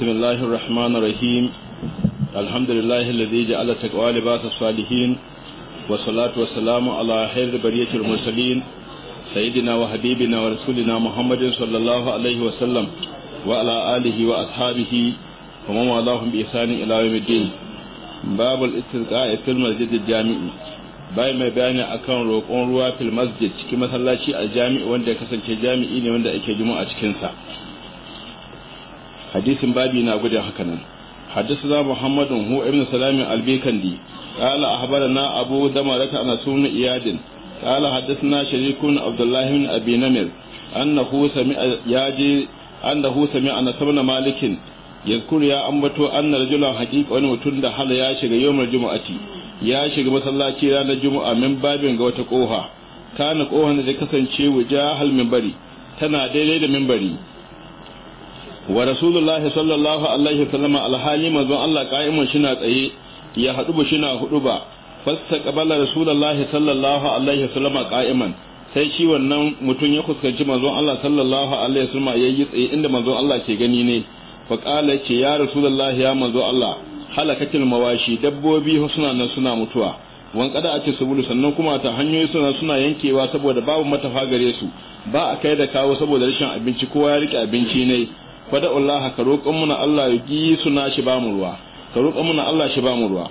بسم الله الرحمن الرحيم الحمد لله الذي جعل تقوى لباس الصالحين والصلاة والسلام على خير برية المرسلين سيدنا وحبيبنا ورسولنا محمد صلى الله عليه وسلم وعلى آله وأصحابه ومن والاهم بإحسان إلى يوم الدين باب الاسترقاء في المسجد الجامع bai mai bayani akan roƙon ruwa fil masjid cikin masallaci a jami'i wanda ya kasance jami'i ne wanda ake juma'a cikin sa hadisin babi na gudun hakan na hadas na muhammadun hu wani na salamin albiyu kandi a habar na abu dama raka ana sunan iyaɗin kala hadas na shirikuna abdullahi na abu namil an na husa ni a na malikin yansukur ya ambato an na ji na haƙi kai wani mutum da hala ya shiga yomar shiga masallaci ranar juma'a min babin ga wata koha kana kohan da ta kasancewa jahar tana daidai da min wa rasulullahi sallallahu alaihi wasallam alhali zan Allah qa'iman shina tsaye ya ba shina fasta qabala rasulullahi sallallahu alaihi wasallam qa'iman sai shi wannan mutum ya kuskanci manzon Allah sallallahu alaihi wasallam yayi tsaye inda manzon Allah ke gani ne fa qala ce ya rasulullahi ya manzon Allah halakatil mawashi dabbobi suna nan suna mutuwa wan kada ake subulu sannan kuma ta hanyoyi suna suna yankewa saboda babu matafa gare su ba a kai da kawo saboda rashin abinci kowa ya rike abinci ne fada Allah ka roƙon muna Allah ya gi suna shi ba mu ruwa ka roƙon muna Allah shi ba mu ruwa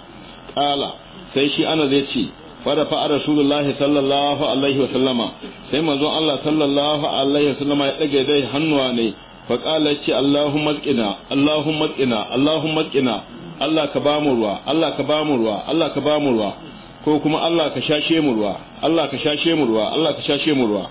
qala sai shi ana zai ce fada fa rasulullah sallallahu alaihi wa sallama sai manzon Allah sallallahu alaihi wa sallama ya dage dai hannuwa ne fa kala ce Allahumma qina Allahumma qina Allahumma qina Allah ka ba mu ruwa Allah ka ba mu ruwa Allah ka ba mu ruwa ko kuma Allah ka shashe mu ruwa Allah ka shashe mu ruwa Allah ka shashe mu ruwa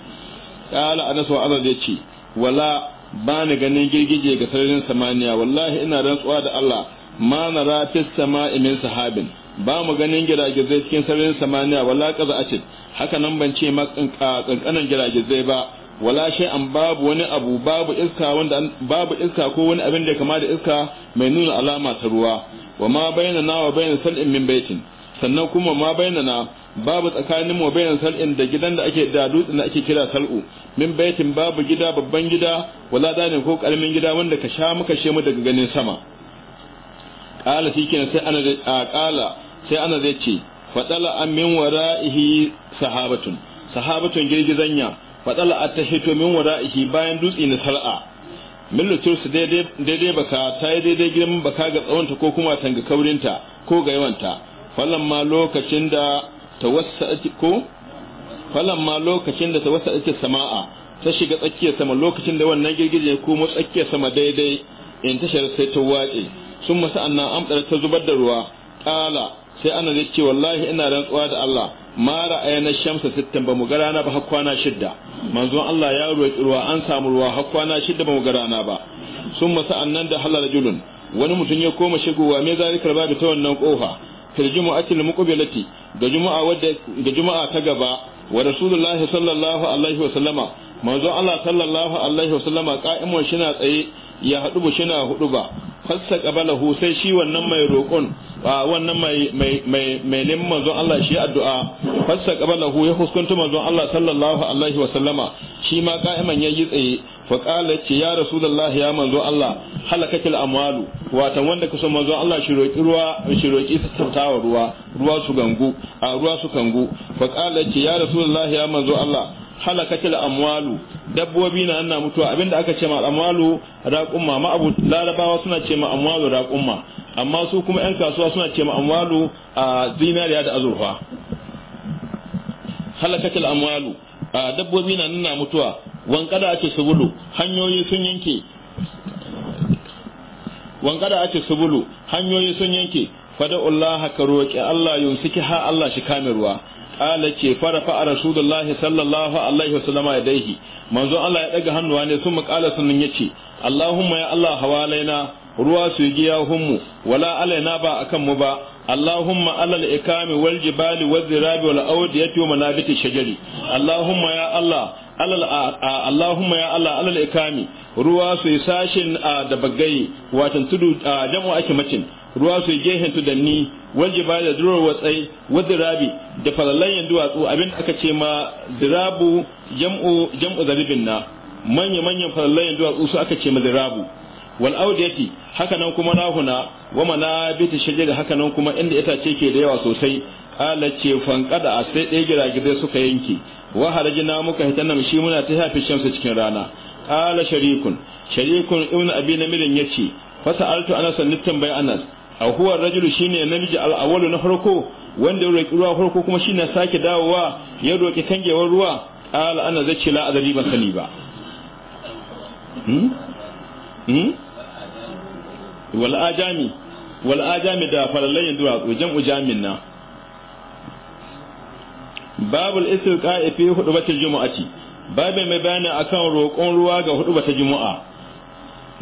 qala anas wa ana zai ce wala ba ni ganin girgije ga sararin samaniya wallahi ina rantsuwa da Allah ma na rafis sama'i imin sahabin ba mu ganin giragizai cikin sararin samaniya wala kaza acid haka nan ban ce ma kankanan giragizai ba wala shay an babu wani abu babu iska wanda babu iska ko wani abin da kama da iska mai nuna alama ta ruwa wa ma bayyana na wa bayyana sal'in min baitin sannan kuma ma bainana babu tsakanin mu bainan sal'in da gidan da ake da dutsen da ake kira sal'u min baitin babu gida babban gida wala ne ko karamin gida wanda ka sha muka she mu daga ganin sama qala shi kenan sai ana qala sai ana zai ce fadala an min wara'ihi sahabatun sahabatun girgizanya fadala attahito min wara'ihi bayan dutse na sal'a millatur su daidai baka ta yi daidai girman baka ga tsawonta ko kuma tanga kaurinta ko ga yawanta falamma lokacin da tawassa'ati ko falamma lokacin da sama'a ta shiga tsakiyar sama lokacin da wannan girgije ko mu tsakiyar sama daidai in tashar sai ta wace sun masa anna amdar ta zubar da ruwa kala sai ana da ce wallahi ina rantsuwa da Allah ma na shamsa sittan ba mu ga na ba hakwana shidda manzon Allah ya roki ruwa an samu ruwa hakwana shidda ba mu ga na ba sun masa annan da halal julun wani mutum ya koma shigowa me zalika babu ta wannan kofa fil jumu'atil muqbilati ga juma'a wadda ga juma'a ta gaba wa rasulullahi sallallahu alaihi wa sallama manzo Allah sallallahu alaihi wa sallama qa'imun shi na tsaye ya haɗu bu shina hudu ba fassa hu sai shi wannan mai roƙon wannan mai mai mai manzon Allah shi addu'a fassa hu ya huskunta manzon Allah sallallahu alaihi wa sallama shi ma qa'iman yayi tsaye fa qala ce ya rasulullah ya manzon Allah halakatil amwalu watan wanda kusa manzon Allah shi roƙi ruwa shi roƙi sautawa ruwa ruwa su gangu a ruwa su kangu fa qala ce ya rasulullah ya manzon Allah halakatil amwalu dabbobi na ana mutuwa abinda aka ce ma amwalu raqumma ma abu larabawa suna ce ma amwalu raqumma amma su kuma yan kasuwa suna ce ma amwalu a zinariya da azurfa halakatil amwalu dabbobi na nan mutuwa wankada ake subulu hanyoyi sun yanke wankada ake subulu hanyoyi sun yanke fada Allah ka roƙi Allah yumsiki ha Allah shi kamiruwa ala ce farafa a rasulullahi sallallahu alaihi wasallama ya daihi manzo Allah ya daga hannuwa ne sun makala sunan yace Allahumma ya Allah hawalaina ruwa su giya hummu wala alaina ba kan mu ba jibali على الإكام والجبال والذراب والأودية ومنابت الشجر اللهم يا الله على اللهم يا الله على الإكام ruwa su yi sashin da bagai watan tudu jam'u ake macin ruwa su gehen tu danni wajen ba da durar watsai wa dirabi da falalan duwatsu abin aka ce ma dirabu jam'u jam'u na manya manyan falalan duwatsu su aka ce ma dirabu wal audiyati haka nan kuma rahuna wa shirye da haka nan kuma inda itace ke da yawa sosai ala ce fankada a sai ɗaya giragizai suka yanke wa harajina muka hitan shi muna ta hafi shamsu cikin rana ala sharikun sharikun ibn abi namirin yace fasa'altu anas an tambayi anas aw huwa rajulu shine namiji al awwal na farko wanda ya roki ruwa farko kuma shine sake dawowa ya roki kangewar ruwa qala ana zace la adri ba sani ba hmm, hmm? wal ajami wal ajami da farallan duwatsu jam'u jamin na babul istilqa'i fi hudubatil jumu'ati babai mai bayani akan roƙon ruwa ga hudubatil jumu'a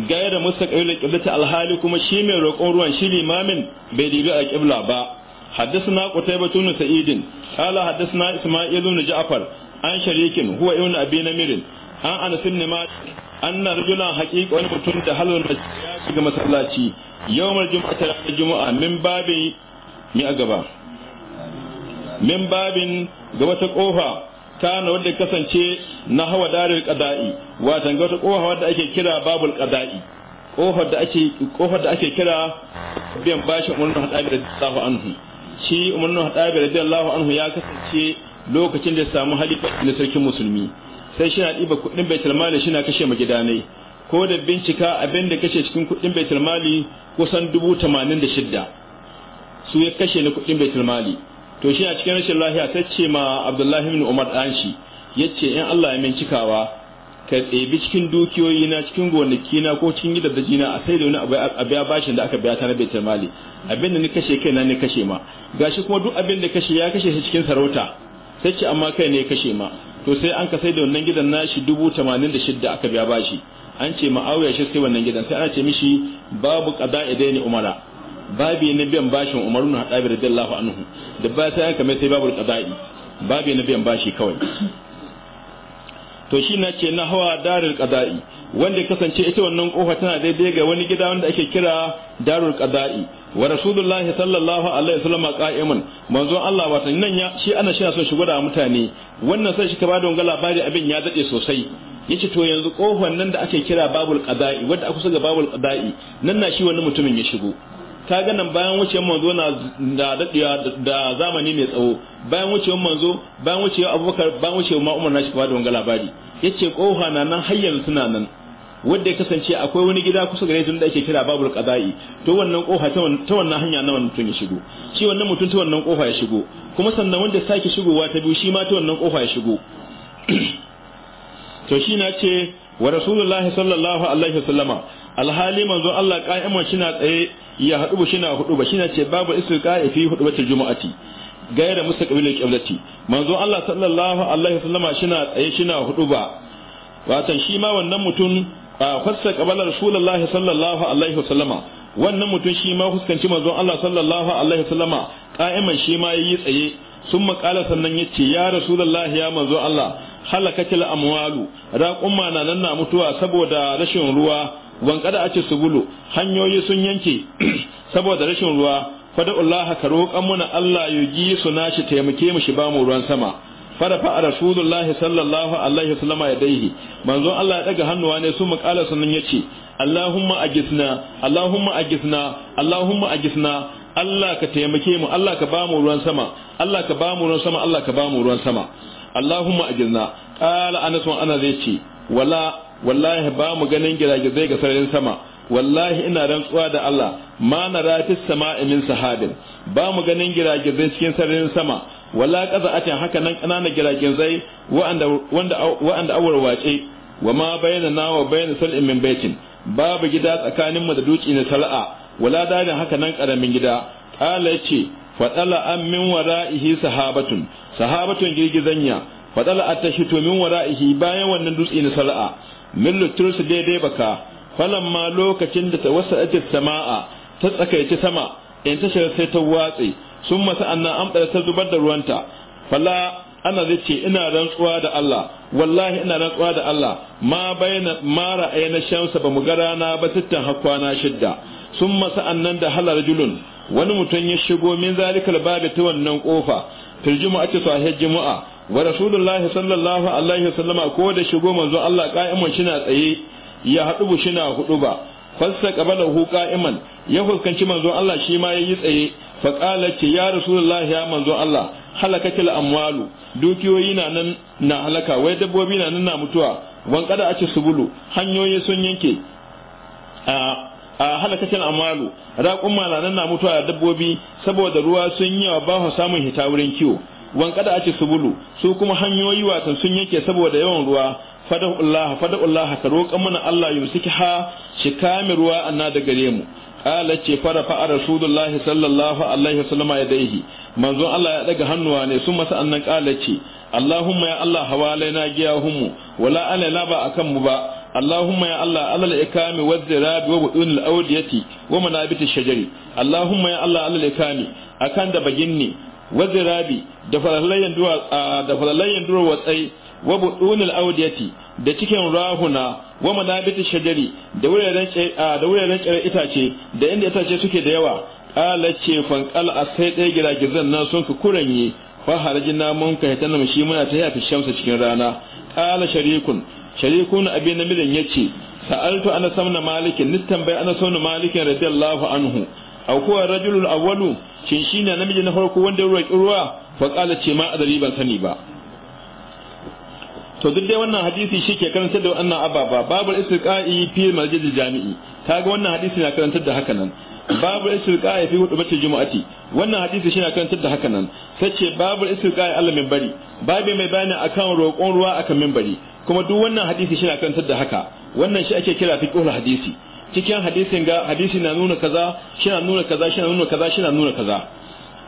gaya da musa kaila ta alhali kuma shi mai roƙon ruwan shi limamin bai dibi a kibla ba haddasa qutaybah ibn sa'id qala haddasa isma'il ibn ja'far an sharikin huwa ibn abi namir an anas ibn malik anna rajulan haqiqa wani mutum da halon da ya shiga masallaci yawmal jum'ati ranar jumu'a min babin mi a gaba min babin kana wanda kasance na hawa darul qada'i watan ga wata kofa wanda ake kira babul qada'i kofar da ake kofar da ake kira biyan bashi umarnu hadabi radiyallahu anhu shi umarnu hadabi radiyallahu anhu ya kasance lokacin da ya samu halifa na sarkin musulmi sai shi na ɗiba kuɗin baitul mali shi na kashe magidanai ko da bincika abin da kashe cikin kuɗin baitul mali kusan dubu tamanin da shidda su ya kashe na kuɗin baitul mali to shi a cikin rashin lahiya ta ce ma abdullahi bin umar ɗan shi ya ce in allah ya min cikawa ka tsebi cikin dukiyoyi na cikin gonaki na ko cikin gidaddaji na a sai da wani abu ya bashin da aka biya ta na baitul mali abin da ni kashe kai na ni kashe ma gashi kuma duk abin da kashe ya kashe shi cikin sarauta sai ce amma kai ne kashe ma to sai an ka sai da wannan gidan nashi dubu tamanin da shidda aka biya bashi an ce ma ma'auya shi sai wannan gidan sai ana ce mishi babu ya ni umara babi na biyan bashin Umar ibn Khattab dillahu anhu da ba sai haka mai sai babul qada'i babi na biyan bashi kawai to shi na ce na hawa darul qada'i wanda kasance ita wannan kofa tana daidai ga wani gida wanda ake kira darul qada'i wa rasulullahi sallallahu alaihi wasallam qa'imun manzon Allah wato nan ya shi ana shi so shi gwada mutane wannan sai shi ka bada wanga labari abin ya dade sosai yace to yanzu kofar nan da ake kira babul qada'i wanda aka saka babul qada'i nan na shi wani mutumin ya shigo ga nan bayan wucewar manzo na da dadewa da zamani mai tsawo bayan wucewar manzo bayan wucewar abubakar bayan wucewar ma umar nashi da wanga labari yace kofa na nan har yanzu suna nan wanda ya kasance akwai wani gida kusa gare tun da ake kira babul qada'i to wannan kofa ta wannan hanya na wannan mutum ya shigo shi wannan mutum ta wannan kofa ya shigo kuma sannan wanda sake shigowa ta biyu shi ma ta wannan kofa ya shigo to shi na ce wa rasulullahi sallallahu alaihi wasallama alhali manzo Allah shi na tsaye ya haɗu shi na hudu ba shina ce babu istiqa'i fi hudubatil jumu'ati gaira mustaqbilil qiblati manzo Allah sallallahu alaihi shi na tsaye shi na hudu ba watan shi ma wannan mutum a fassa qabala rasulullahi sallallahu alaihi wasallama wannan mutum shi ma fuskanci manzo Allah sallallahu alaihi wasallama qa'iman shi ma yi tsaye sun makala sannan yace ya rasulullahi ya manzo Allah halakatil amwalu na nan na mutuwa saboda rashin ruwa wankada ake subulu hanyoyi sun yanke saboda rashin ruwa fada Allah ka roƙan muna Allah ya ji su nashi taimake mu shi ba mu ruwan sama fada fa rasulullahi sallallahu alaihi wasallam ya daihi manzon Allah ya daga hannuwa ne su muƙala sunan yace Allahumma ajisna Allahumma ajisna Allahumma ajisna Allah ka taimake mu Allah ka ba mu ruwan sama Allah ka ba mu ruwan sama Allah ka ba mu ruwan sama Allahumma ajisna qala anas wa ana zai ce wala wallahi ba mu ganin giragizai ga sararin sama wallahi ina rantsuwa da Allah ma na rafis sama'i min sahabin ba mu ganin giragizai cikin sararin sama wala kaza atin haka nan ƙananan giragizai wa'anda wanda wace wa ma bayyana na bayyana sal'in min baitin babu gida tsakanin mu da duki na sal'a wala dalin haka nan karamin gida qala ce faɗala an min wara'ihi sahabatun sahabatun girgizanya a at to min wara'ihi bayan wannan dutse na sal'a millu tursu daidai baka falamma lokacin da ta wasa sama'a ta tsakaici sama in ta shiga sai ta watse sun masa annan an ɓada zubar da ruwanta fala ana zai ce ina rantsuwa da Allah wallahi ina rantsuwa da Allah ma bayna ma ra'ayna ba mu ga rana ba tittan hakwana shidda sun masa annan da halar julun wani mutum ya shigo min zalikal babi ta wannan kofa fil jumu'ati sahih jumu'a wa rasulullahi sallallahu alaihi wasallama ko da shigo manzo Allah qa'iman shina tsaye ya shi shina hudu ba qabala hu qa'iman ya fuskanci manzo Allah shi ma yayi tsaye fa qala ki ya rasulullahi ya manzo Allah halakatil amwalu dukiyoyi na nan na halaka wai dabbobi na nan na mutuwa wan kada a ci subulu hanyoyi sun yanke a a amwalu. amalu na malanan na mutuwa da dabbobi saboda ruwa sun yi wa ba samun hita wurin kiwo wankada ake subulu su kuma hanyoyi watan sun yake saboda yawan ruwa fada'ullah fada'ullah ka roƙa mana Allah yumsikiha shi kame ruwa anna da gare mu qala ce farafa a rasulullah sallallahu alaihi wasallam yadaihi manzon Allah ya daga hannuwa ne sun masa annan qala ce Allahumma ya Allah na hawalaina giyahumu wala alaina ba akan mu ba اللهم يا الله على الإكام والذراب وبؤون الأودية ومنابت الشجر اللهم يا الله على الإكام أكان دبجني wazirabi da falallayen duwa da falallayen watsai wa budunil audiyati da cikin rahuna wa manabiti shajari da wuraren da wuraren itace da inda itace suke da yawa qala ce a sai dai giragizan nan sun ku kuranye fa harajina mun kai tanam shi muna ta yafi shamsa cikin rana ala sharikun sharikun abin namilin yace sa'altu ana samna malikin nittan bai ana samna malikin radiyallahu anhu aw kuwa rajulul awwalu shin shine namiji na farko wanda ya roki ruwa fa qala ce ma adari ban sani ba to duk dai wannan hadisi shi ke karantar da wannan ababa babu istiqa'i fi masjidil jami'i kaga wannan hadisi na karantar da haka nan babu istiqa'i fi bace jumu'ati wannan hadisi shi na karantar da haka nan ce babu istiqa'i Allah bari. babu mai bayani akan roƙon ruwa akan minbari kuma duk wannan hadisi shi na karantar da haka wannan shi ake kira fi fiqhul hadisi cikin hadisin ga hadisi na nuna kaza shi na nuna kaza shi na nuna kaza shi na nuna kaza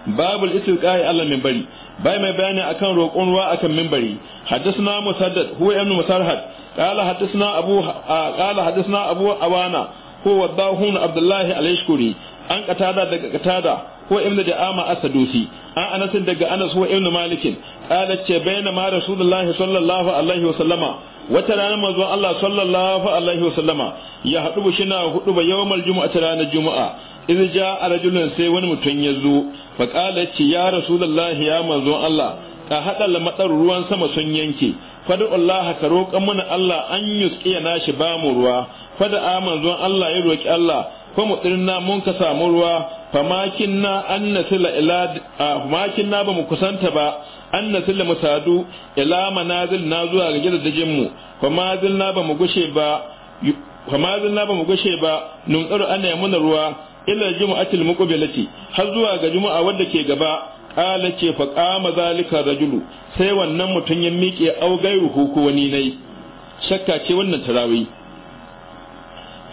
babul istiqai Allah min bari bai mai bayani akan roƙon ruwa akan minbari haddathna musaddad huwa ibn musarhad qala haddathna abu ah, qala haddathna abu awana huwa dahun abdullahi alayhi ashkuri an qatada daga qatada هو ابن دعامة السدوسي عن أنس دق أنس هو ابن مالك قالت بينما رسول الله صلى الله عليه وسلم وترانا مزوى الله صلى الله عليه وسلم يهدب شنا هدب يوم الجمعة ترانا الجمعة إذ جاء رجل سيوان متنيزو فقالت يا رسول الله يا مزوى الله a haɗa matsar ruwan sama sun yanke fada Allah ka roƙa mana Allah an yusƙiya nashi ba mu ruwa fada a manzon Allah ya roƙi Allah fa mu tsirna mun ka samu ruwa famakin na an ila famakin ba mu kusanta ba an nasila mu sadu ila manazil na zuwa ga gidajen mu famazil ba mu gushe ba famazil na ba mu gushe ba nun tsaro ana yamuna ruwa ila jumu'atil muqbilati har zuwa ga jumu'a wanda ke gaba ala ce fa qama zalika rajulu sai wannan mutun ya miƙe au gairu ko wani nai shakka ce wannan tarawih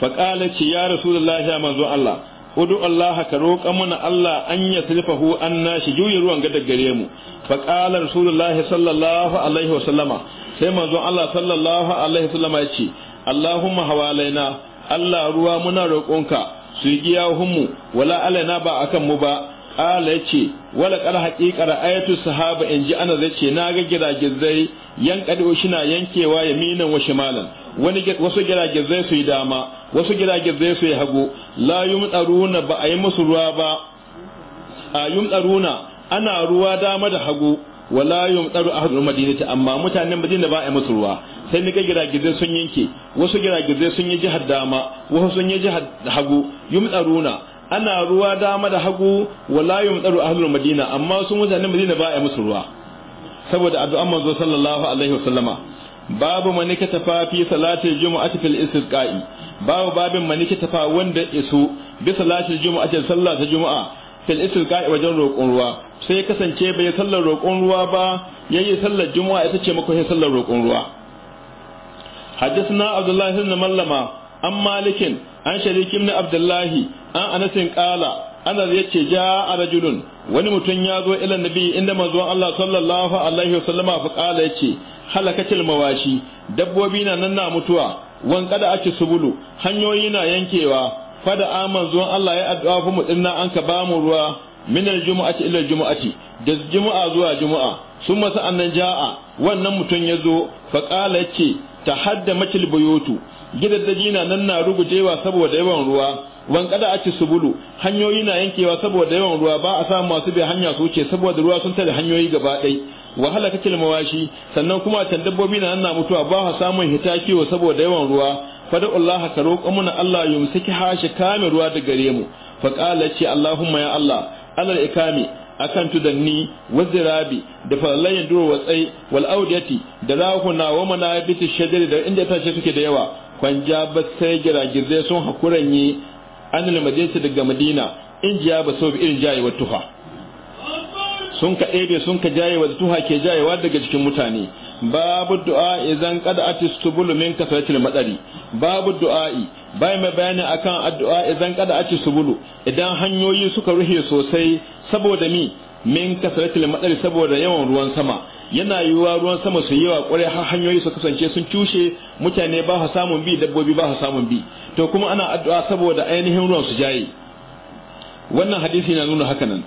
fa qala ce ya rasulullahi manzo Allah udu Allah ka roƙa mana Allah an ya tilfahu an nashi juyin ruwan ga daggare mu fa qala sallallahu alaihi wa sallama sai manzon Allah sallallahu alaihi wa sallama ya ce Allahumma hawalaina Allah ruwa muna roƙonka su yi humu wala alaina ba akan mu ba qala ya ce wala qala haqiqar ayatu sahaba in ji ana zai ce na ga giragizai yan shi na yankewa yaminan wa shimalan wani wasu zai su yi dama wasu zai su yi hagu la yumtaruna ba a yi musu ruwa ba a yumtaruna ana ruwa dama da hagu wala yumtaru ahadul madinati amma mutanen madina ba a yi musu ruwa sai ni ga giragizai sun yanke wasu giragizai sun yi jihar dama wasu sun yi jihar hagu yumtaruna ana ruwa dama da hagu wala yumtaru ahlul madina amma su mutanen madina ba a yi musu ruwa saboda addu'an manzo sallallahu alaihi wasallama babu manike tafa fi juma'a jumu'ati fil istisqa'i babu babin manike tafa wanda isu bi salatul jumu'ati sallah ta jumu'a fil istisqa'i wajen roƙon ruwa sai kasance bai sallar roƙon ruwa ba yayi sallar jumu'a ita ce mako sai sallar roƙon ruwa حدثنا abdullahi ibn mallama an malikin an عن ibn abdullahi an anasin qala انس ana ya ce ja a rajulun wani mutum ya zo ilan nabi inda manzon Allah sallallahu alaihi wasallama fa qala ya ce halakatil mawashi dabbobi na nan na mutuwa wan kada ake subulu hanyoyi na yankewa fada aman zuwan Allah ya addu'a fa mudinna an ka ba mu ruwa min aljumu'ati ila aljumu'ati da jumu'a zuwa jumu'a sun masa annan ja'a wannan mutum ya zo fa qala yace tahadda matil buyutu gidaddaji na nan na rugujewa saboda yawan ruwa wan kada ake subulu hanyoyi na yankewa saboda yawan ruwa ba a samu masu bi hanya su ce saboda ruwa sun tare hanyoyi gaba ɗaya wahala kake mawashi sannan kuma can dabbobi na na mutuwa ba ha samun hita kiwo saboda yawan ruwa fada Allah ka roƙa muna Allah ya musaki hashi kame ruwa daga gare mu fa qala ce Allahumma ya Allah alal ikami akan tudanni wazirabi da falallayin duro watsai wal audiyati da rahuna wa manabiti shajari da inda tace suke da yawa kwanja ba sai giragizai sun hakuranye an madinsa daga madina in jiya ba so bi irin jayi wa tuha sun ka ɗebe sun ka jaye wa tuha ke jayewa daga cikin mutane babu du'a idan qad atistubulu min kasratil matsari babu du'a'i bai mai bayani akan addu'a idan qad atistubulu idan hanyoyi suka ruhe sosai saboda mi min kasratil matsari saboda yawan ruwan sama yana yiwuwa ruwan sama su yi wa kwarai har hanyoyi su kasance sun cushe mutane ba su samun bi dabbobi ba su samun bi to kuma ana addu'a saboda ainihin ruwan su jaye wannan hadisi na nuna hakanan nan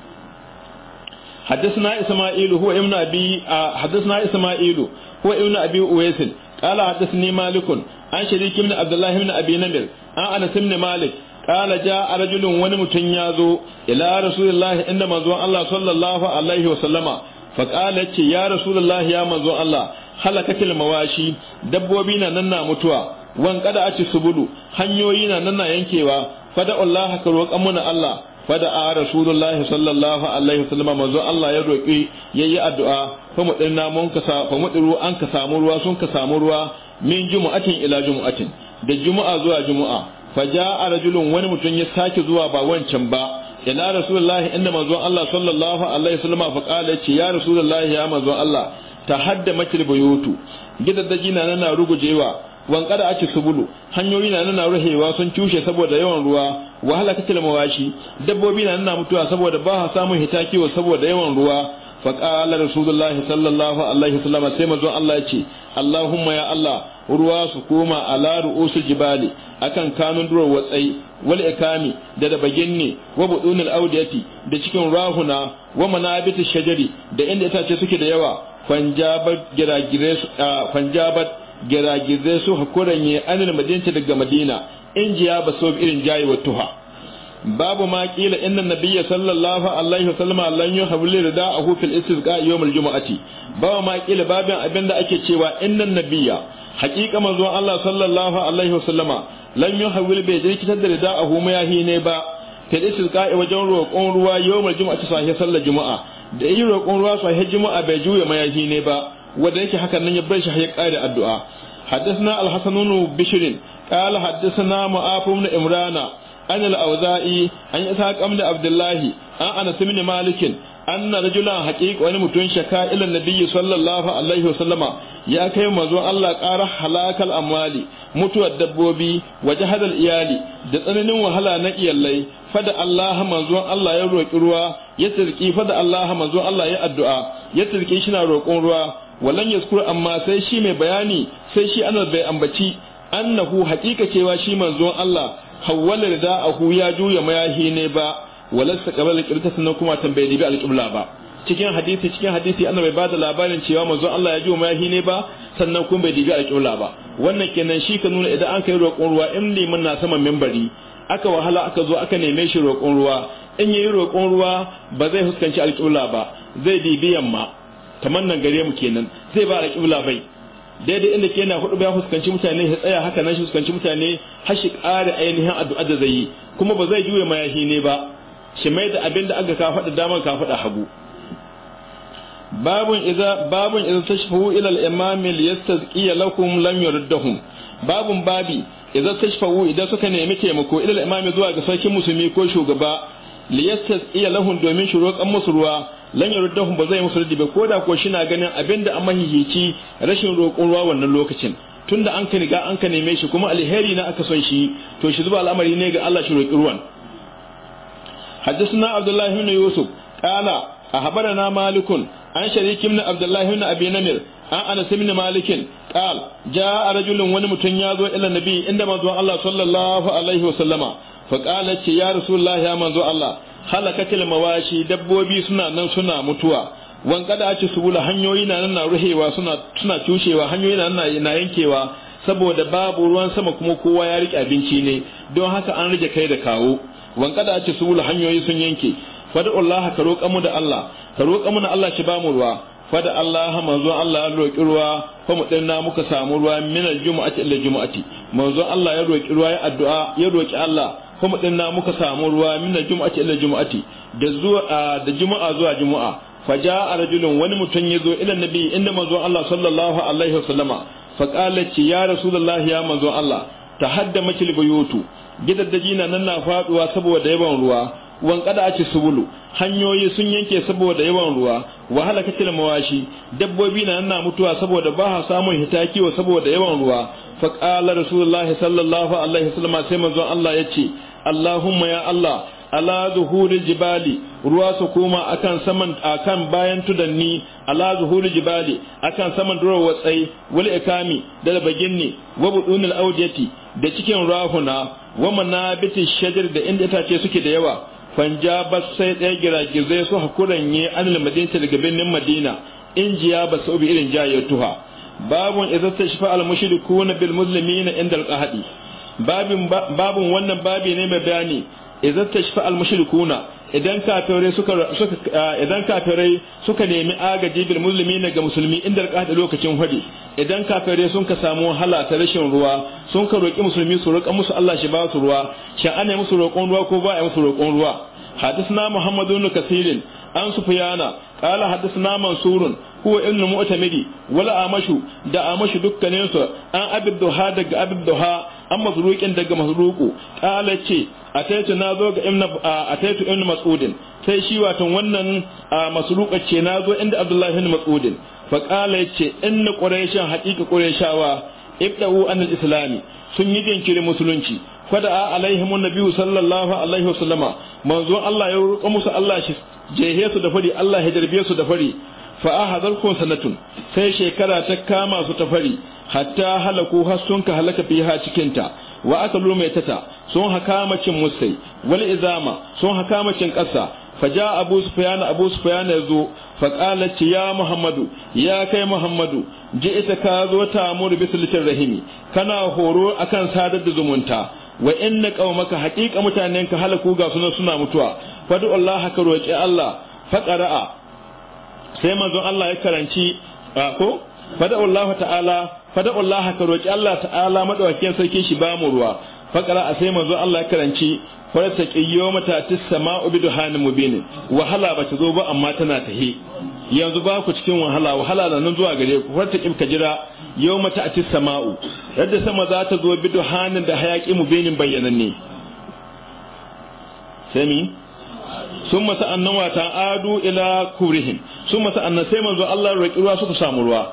حدثنا إسماعيل هو ابن أبي حدثنا إسماعيل هو ابن أبي أويس قال حدثني مالك عن شريك بن عبد الله بن أبي نمر عن أنس بن مالك قال جاء رجل ونمتن يازو إلى رسول الله عند منزوان الله صلى الله عليه وسلم فقال يا رسول الله يا منزوان الله halakake mawashi dabbobi na nan na mutuwa wan kada a ci subudu hanyoyi na nan na yankewa fada Allah ka roƙa muna Allah fada'a rasulullahi sallallahu alaihi wasallam manzo Allah ya roki yayi addu'a fa mu dinna mun ka fa mu an ka samu ruwa sun ka samu ruwa min jumu'atin ila jumu'atin da jumu'a zuwa jumu'a fa ja'a rajulun wani mutum ya sake zuwa ba wancan ba ila rasulullahi inda manzo Allah sallallahu alaihi wasallam fa qala ce ya rasulullahi ya manzo Allah tahadda makil buyutu gidaddaji na nan na rugujewa wankada ake subulu hanyoyi na nuna ruhewa sun cushe saboda yawan ruwa wahala katil mawashi dabbobi na nuna mutuwa saboda ba samun hita kiwo saboda yawan ruwa faƙala rasulullahi sallallahu alaihi wasallam sai manzon Allah ya ce Allahumma ya Allah ruwa su koma ala ru'usul jibali akan kanun durar watsai wal ikami da da baginne wa budunul audiyati da cikin rahuna wa manabitu shajari da inda itace suke da yawa fanjabat giragirai fanjabat giragizai su yi anil madinci daga madina in jiya ba so irin jayi wa tuha babu ma kila inna nabiyya sallallahu alaihi wasallam lan yuhabli rida ahu fil istisqa al jumu'ati babu ma kila babin abinda ake cewa inna nabiyya haqiqa manzo Allah sallallahu alaihi wasallama lan yuhabli bai jirkitar da rida ma yahi ne ba fil istisqa wajen roƙon ruwa al jumu'ati sahih sallar jumu'a da yi roƙon ruwa sahih jumu'a bai juya yahi ne ba wanda yake hakan nan ya bar shi ya kare addu'a حدثنا الحسن بن بشر قال حدثنا معاف بن عمران عن الأوزائي عن إسحاق بن عبد الله عن أنس بن مالك أن رجلا حقيق وأن متون شكا إلى النبي صلى الله عليه وسلم يا كي مزون الله قار حلاك الأموال متو الدبوبي وجهد الإيالي دتنن وهلا نقي الله فدا الله مزون الله يروك روا يتركي فدا الله مزون الله يأدعى يتركي شنا روكون روا walan yaskuru amma sai shi mai bayani sai shi ana bai ambaci annahu haqiqa cewa shi manzon Allah hawwala rida'ahu ya juya mayahi ne ba walasta qabala qirta sannan kuma tambaye dibi alqibla ba cikin hadisi cikin hadisi annabi bai bada labarin cewa manzon Allah ya juya mayahi ne ba sannan kuma bai dibi alqibla ba wannan kenan shi ka nuna idan an kai roƙon ruwa in mun na saman membari aka wahala aka zo aka neme shi roƙon ruwa in yayi roƙon ruwa ba zai huskanci alqibla ba zai dibi yamma tamannan gare mu kenan zai ba kibla bai daidai inda ke yana hudu ya fuskanci mutane ya tsaya haka nan shi fuskanci mutane har shi ƙara ainihin addu'a da zai yi kuma ba zai juya mayahi ne ba shi mai da abin da aka faɗa damar faɗa hagu babun iza babun iza tashfahu ila al-imam liyastazqiya lakum lam yurdahum babun babi idan tashfawu idan suka nemi taimako ilal imami zuwa ga sarkin musulmi ko shugaba liyastas iya lahun domin shi roƙan musu ruwa lan yaro dahun ba zai musu ba ko da ko shi na ganin abin da an mahihici rashin roƙon ruwa wannan lokacin tunda an kani ga an ka neme shi kuma alheri na aka son shi to shi zuba al'amari ne ga Allah shi roƙi ruwan hadisna abdullahi ibn yusuf qala ahbarana malikun an shariki kimna abdullahi ibn abi namir an ana ibn malikin qala jaa rajulun wani mutun yazo ila nabi inda manzo Allah sallallahu alaihi wasallama faƙala ce ya rasulullahi ya manzo Allah halakatil mawashi dabbobi suna nan suna mutuwa wan kada ci subula hanyoyi na nan na ruhewa suna suna cushewa hanyoyi na nan na yankewa saboda babu ruwan sama kuma kowa ya rike abinci ne don haka an rage kai da kawo wan kada ci subula hanyoyi sun yanke Allah ka roƙa mu da Allah ka roƙa mu da Allah shi ba mu ruwa fada Allah manzo Allah ya roƙi ruwa fa mu dinna muka samu ruwa min al-jumu'ati ila jum'ati manzo Allah ya roƙi ruwa ya addu'a ya roƙi Allah kuma dinna muka samu ruwa min da jumati ila jum'ati da zuwa da juma'a zuwa juma'a jaa rajulun wani mutum yazo ila nabi inda manzo Allah sallallahu alaihi wasallama fa qala ci ya rasulullah ya manzo Allah tahadda makil buyutu gidaddaji na nan na faduwa saboda yawan ruwa wan kada a ci subulu hanyoyi sun yanke saboda yawan ruwa wahala katil mawashi dabbobi na nan mutuwa saboda ba ha samun hitakiwa wa saboda yawan ruwa fa qala rasulullahi sallallahu alaihi wasallama sai manzo Allah yace Allahumma ya Allah ala zuhuril jibali ruwa su koma akan saman akan bayan tudanni ala zuhuril jibali akan saman durar watsai wal ikami da baginni wa budunil audiyati da cikin rahuna wa manabiti shajar da inda itace suke da yawa fanjabat sai ɗaya giragizai su hakuranye anil madinati daga birnin madina injiya ba bi irin jayatuha babun idan ta shafa al mushrikuna bil na inda al haɗi. babin wannan babi ne mai bayani idan tashfa al idan kafirai suka nemi agaji bil muslimina ga musulmi inda da lokacin hudi idan kafirai sun ka samu wahala ta rashin ruwa sun ka roki musulmi su roƙa musu Allah shi ba su ruwa shin ana musu roƙon ruwa ko ba a musu roƙon ruwa حدثنا محمد an كثير عن qala surun mansurun huwa ibn mu'tamidi wala amashu da amashu dukkanin su an ابي duha daga ابي الدهاء an masruqin daga masruqu qala ce taitu na zo ga ibn ataitu ibn mas'udin sai shi watan wannan masruqa ce na zo inda abdullahi ibn mas'udin fa qala ce inna quraishan haqiqa qurayshawa ibda'u an islami sun yi jinkiri musulunci fada alaihim nabi sallallahu alaihi wasallama manzo Allah ya roƙa musu Allah shi jehe su da fari Allah ya jarbe su da fari fa ahadal sanatun sai shekara ta kama su ta fari hatta halaku har sun ka halaka fiha cikinta ta wa akalu mai tata sun hakamacin musai wal izama sun hakamacin ƙasa faja abu sufyana abu sufyana yazo fa qala ci ya muhammadu ya kai muhammadu ji ita ka zo ta amuru bisalitin rahimi kana horo akan sadar da zumunta wa inna qaumaka haqiqa ka halaku ga sunan suna mutuwa fadu Allah ka roki Allah fa qara'a sai manzon Allah ya karanci ko fada'u Allah ta'ala fada'u Allah ka roki Allah ta'ala madawakin sarkin shi ba mu ruwa fakara a sai manzo Allah ya karanci farata qiyoma ta tisama'u biduhanin mubin wahala ba ta zo ba amma tana tahi yanzu ba ku cikin wahala wahala na nan zuwa gare ku farta ta kimka jira yawma ta tisama'u yadda sama za ta zo bi biduhanin da hayaki mubinin bayyananne sami summa sa'annan wa adu ila kurihin sun masa annan sai manzo Allah ya roƙi ruwa suka samu ruwa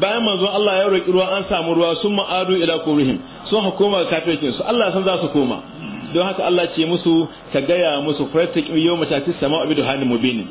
bayan manzo Allah ya roƙi ruwa an samu ruwa sun ma'adu ila kubrihim sun hukuma kafirkin su Allah san za su koma don haka Allah ce musu ka gaya musu fattaqu yawma tatis sama'u bi duhanin mubini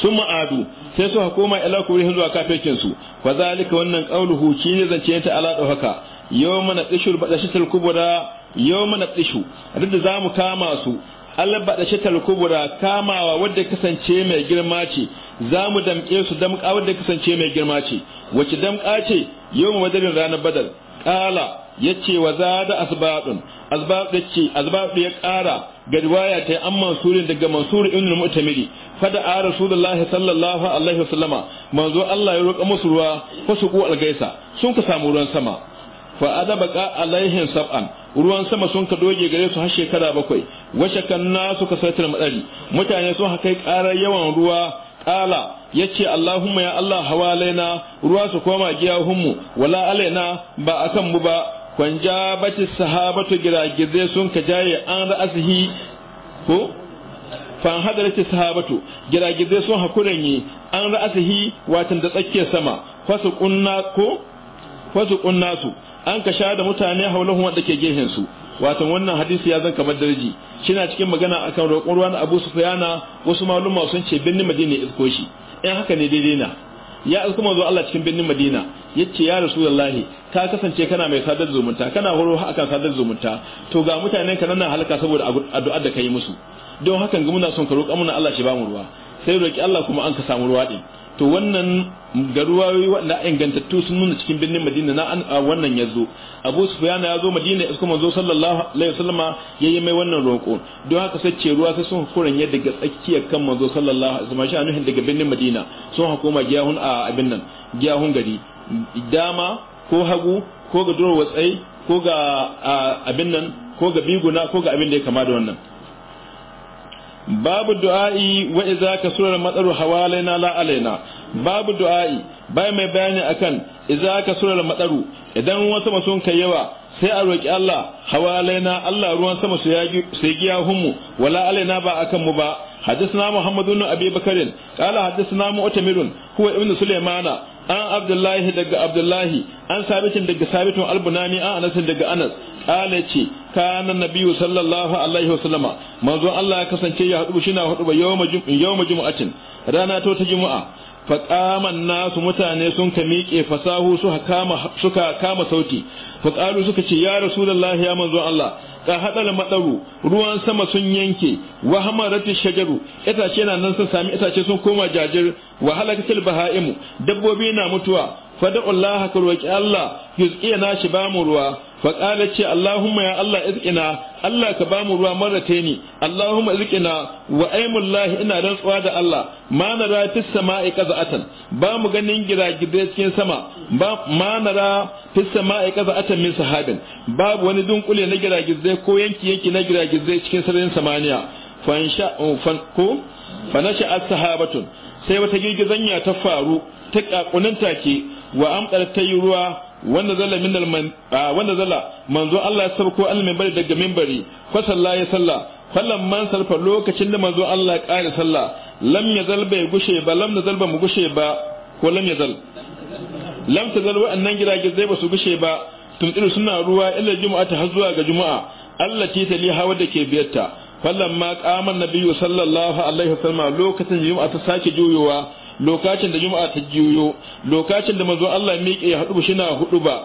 sun ma'adu sai su hukuma ila kubrihim zuwa kafirkin su fa zalika wannan qauluhu shi ne zance ta ala da haka yawma nadishul badashatul kubra yawma nadishu duk da zamu kama su alba da shatal kubura kamawa wadda kasance mai girma ce za mu damƙe su damƙa wadda kasance mai girma ce wacce damƙa ce yawan wadarin ranar badar ƙala ya ce wa za da asbaɗin asbaɗu ya ƙara ga riwaya ta an mansurin daga mansuri ibn mu'tamiri fada a rasulullah sallallahu alaihi wasallama manzo Allah ya roƙa musu ruwa su ku algaisa sun ka samu ruwan sama fa ka alaihin sab'an ruwan sama sun ka doge gare su har shekara bakwai washe kan nasu ka saitar madari mutane sun haka karar yawan ruwa kala yace Allahumma ya Allah hawalaina ruwa su koma giyahunmu wala alaina ba akan mu ba kwanja bace sahabatu giragizai sun ka jaye an ra'asihi ko fan hadarci sahabatu giragizai sun hakuran yi an ra'asihi watan da tsakiyar sama fasu kunna ko fasu kunna su an ka sha da mutane haulahu wanda ke gehen su watan wannan hadisi ya zan kamar darji shina cikin magana akan roƙon ruwa na Abu Sufyana wasu maluma sun ce binni Madina isko shi in haka ne daidai na ya isko manzo Allah cikin binnin Madina yace ya Rasulullahi ka kasance kana mai sadar zumunta kana horo akan sadar zumunta to ga mutanen ka nan halaka saboda addu'ar da kai musu don hakan ga muna son ka roƙa mana Allah shi ba mu ruwa sai roƙi Allah kuma an ka samu ruwa din to wannan ga ruwayoyi waɗanda ingantattu sun nuna cikin birnin Madina na an a wannan yazo Abu sufiyana ya zo Madina iska manzo sallallahu alaihi wasallama yi mai wannan roƙo don haka sai ce ruwa sai sun hukuran yadda daga tsakiyar kan manzo sallallahu alaihi wasallama shi anuhin daga birnin Madina sun hakoma giyahun a abin nan giyahun gari dama ko hagu ko ga durwa ko ga abin nan ko ga biguna ko ga abin da ya kama da wannan babu du'a'i wa idza kasura matsaru hawalaina la alaina babu du'a'i bai mai bayani akan idza kasura matsaru idan wasu masun kai yawa sai a roki Allah hawalaina Allah ruwan sama su yagi sai giya hummu wala alaina ba akan mu ba حدثنا محمد بن ابي بكر قال حدثنا مؤتمر هو ابن سليمان an abdullahi daga abdullahi an sabitin daga sabitin albunani an anas daga anas kala ce kana nabiyyu sallallahu alaihi wasallama manzo Allah ya kasance ya hadu shina hadu ba yawma jumu'atin rana to ta jumu'a fa qama nasu mutane sun ka miƙe fasahu su kama suka kama sauti fa qalu suka ce ya rasulullahi ya manzo Allah ka hadal madaru ruwan sama sun yanke wa hamaratu shajaru itace na nan sun sami itace sun koma jajir wa halakatil bahaimu dabbobi na mutuwa fada'u Allah ka roki Allah yus' shi ba bamu ruwa faƙala ce Allahumma ya Allah izqina Allah ka ba mu ruwa marrate ni Allahumma izqina wa aimullahi ina rantsuwa da Allah ma nara fis sama'i qaza'atan ba mu ganin giragide cikin sama ba ma nara fis sama'i qaza'atan min sahabin babu wani dunkule na giragizai ko yanki yanki na giragizai cikin sararin samaniya fansha fanko fanasha as-sahabatun sai wata girgizanya ta faru ta kakunanta ke wa amkar ta yi ruwa wanda zalla min al wanda zalla manzo Allah ya sabko mai bari daga minbari fa salla ya salla fallan man salfa lokacin da manzo Allah ya kare salla lam zalba bai gushe ba lam nazal ba mu gushe ba ko lam zal. lam tazal wa'annan zai ba su gushe ba tumtsiru suna ruwa illa juma'a ta har zuwa ga juma'a Allah ce ta liha wadda ke biyarta fallan ma qama nabiyyu sallallahu alaihi wasallam lokacin juma'a ta sake juyowa lokacin da juma'a ta juyo lokacin da manzon Allah miƙe ya hudu shi na hudu ba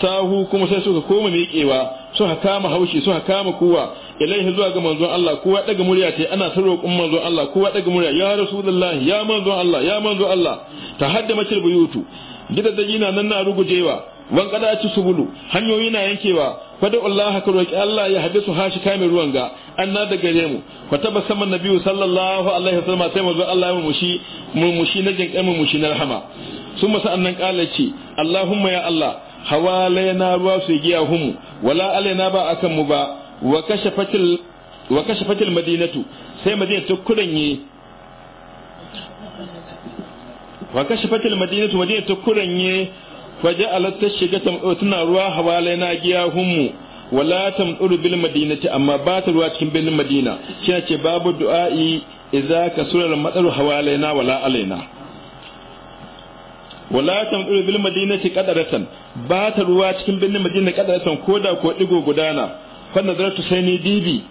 sahu kuma sai suka koma miƙewa ha kama haushi ha kama kuwa ilaihi zuwa ga manzon Allah kowa daga murya ce ana ta roƙon manzon Allah kowa daga murya ya rasulullahi ya manzon Allah ya manzon Allah ta hadda macil buyutu gidajen na nan na rugujewa wan kada ci subulu hanyoyi na yankewa fada Allah ka roki Allah ya hadisu hashi kame ruwan ga anna da gare mu fa tabassama nabiyyu sallallahu alaihi wasallam sai mu Allah mu mushi mu mushi na jin mu mushi na rahama kala ce Allahumma ya Allah hawalaina ruwa su giya humu wala alaina ba akan mu ba wa kashafatil wa kashafatil madinatu sai madina ta kudanye wa kashafatil madinatu madina ta kudanye faja'alat tashga tana ruwa na hawalaina giyahummu wala tamduru bil madinati amma ba ta ruwa cikin birnin madina kina ce babu du'a'i idza kasura madaru na wala alaina wala tamduru bil madinati qadaratan ba ta ruwa cikin birnin madina qadaratan koda ko digo gudana fa nazartu sai ni dibi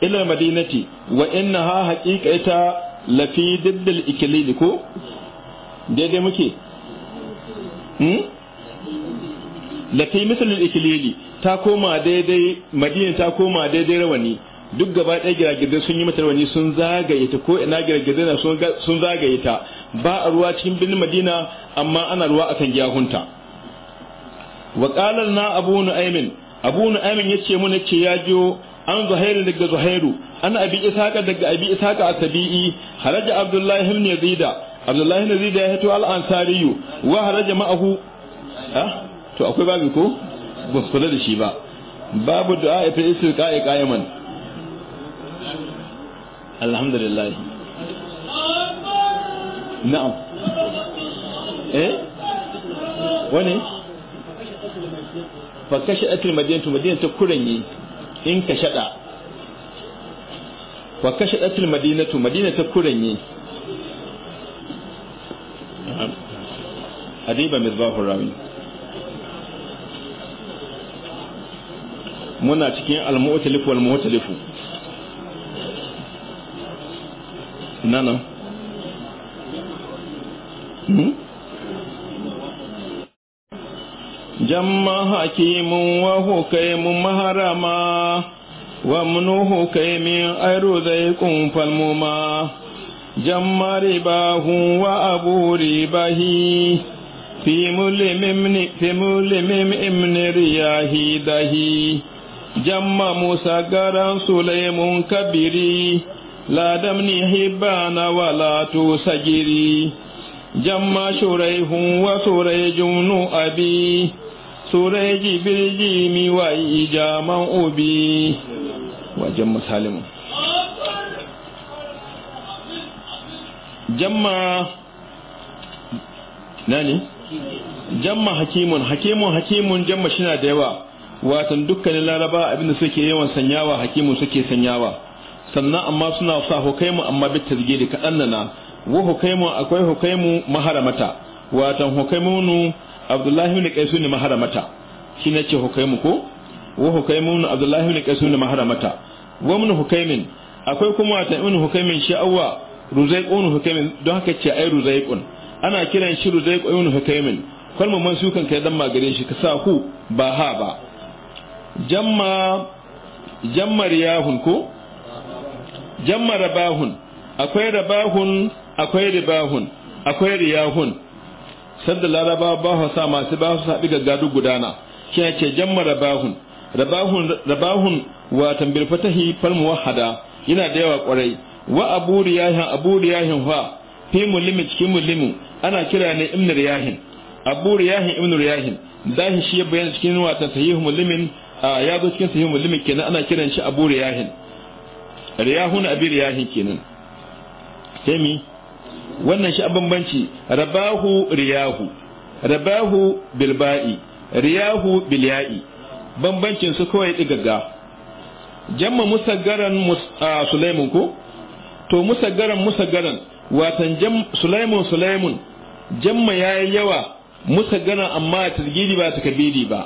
ila madinati wa innaha haqiqata lafi diddil ikilili ko daidai muke Hmm? da yi misalin ikilili ta koma daidai madina ta koma daidai rawani duk gaba ɗaya giragizai sun yi mata rawani sun zagaye ta ko ina giragizai na sun zagaye ta ba a ruwa cikin birnin madina amma ana ruwa kan giyahunta wa qalan na abu nu'aymin abu ya yace mun ce ya jiyo an zuhairu daga zuhairu an abi isaka daga abi a asabi'i haraja abdullahi ibn yazida abdullahi nazi da ya hito al'ansariyu wa haraja ma'ahu to akwai babu ko ba su da shi ba babu du'a ta isu ka'i qa'iman alhamdulillah na'am eh wani fa kashi atil madinatu madinatu kuranyi in ka shada fa kashi atil madinatu madinatu kuranyi adiba misbahur rawi muna cikin al-mu'talif wal mu'talifu nana hmm? jamma wa hukaimun كيم wa munuhu kaimin jammari ba hun wa aburi bahi fi mulimin imni riyahi dahi jamma musa garan sulaimun kabiri ladam ni hibana wala tu sajiri jamma surai hun wa surai abi surai jibirji mi wa ubi jamma nani jamma hakimun hakimun hakimun jamma shina da yawa watan dukkanin laraba abinda suke yawan sanyawa hakimun suke sanyawa sannan amma suna sa hukaimu amma bi tasgiri kaɗan na wa hukaimu akwai hukaimu maharamata watan hukaimunu abdullahi ibn qaisu ne maharamata shi ne ce hukaimu ko wa hukaimunu abdullahi ibn qaisu ne maharamata wa min hukaimin akwai kuma watan ibn hukaimin awwa ruzaiqun hukaimin don haka ce ai ruzaiqun ana kiran shi ruzaiqun hukaimin kalmar mansukan kai dan magare shi ka sa ku ba ha ba jamma jammar yahun ko jammar rabahun akwai rabahun akwai ribahun akwai riyahun sanda laraba ba sa masu ba su ga gaggadu gudana ke ce jammar rabahun rabahun rabahun wa tambir fatahi fal muwahhada yana da yawa kwarai wa abu riyahin abu riyahin fa fi mulimi cikin mulimi ana kira ne ibn riyahin abu riyahin ibn riyahin dahi shi ya bayyana cikin wata sahihu mulimin ya zo cikin sahihu mulimin kenan ana kiran shi abu riyahin riyahun abi riyahin kenan sai mi wannan shi bambanci rabahu riyahu rabahu bilba'i riyahu bilya'i bambancin su kawai digagga jamma musaggaran sulaimun ko to musa garan watan sulaimun sulaimun jamma yi yawa garan amma tilgidi ba takabiri ba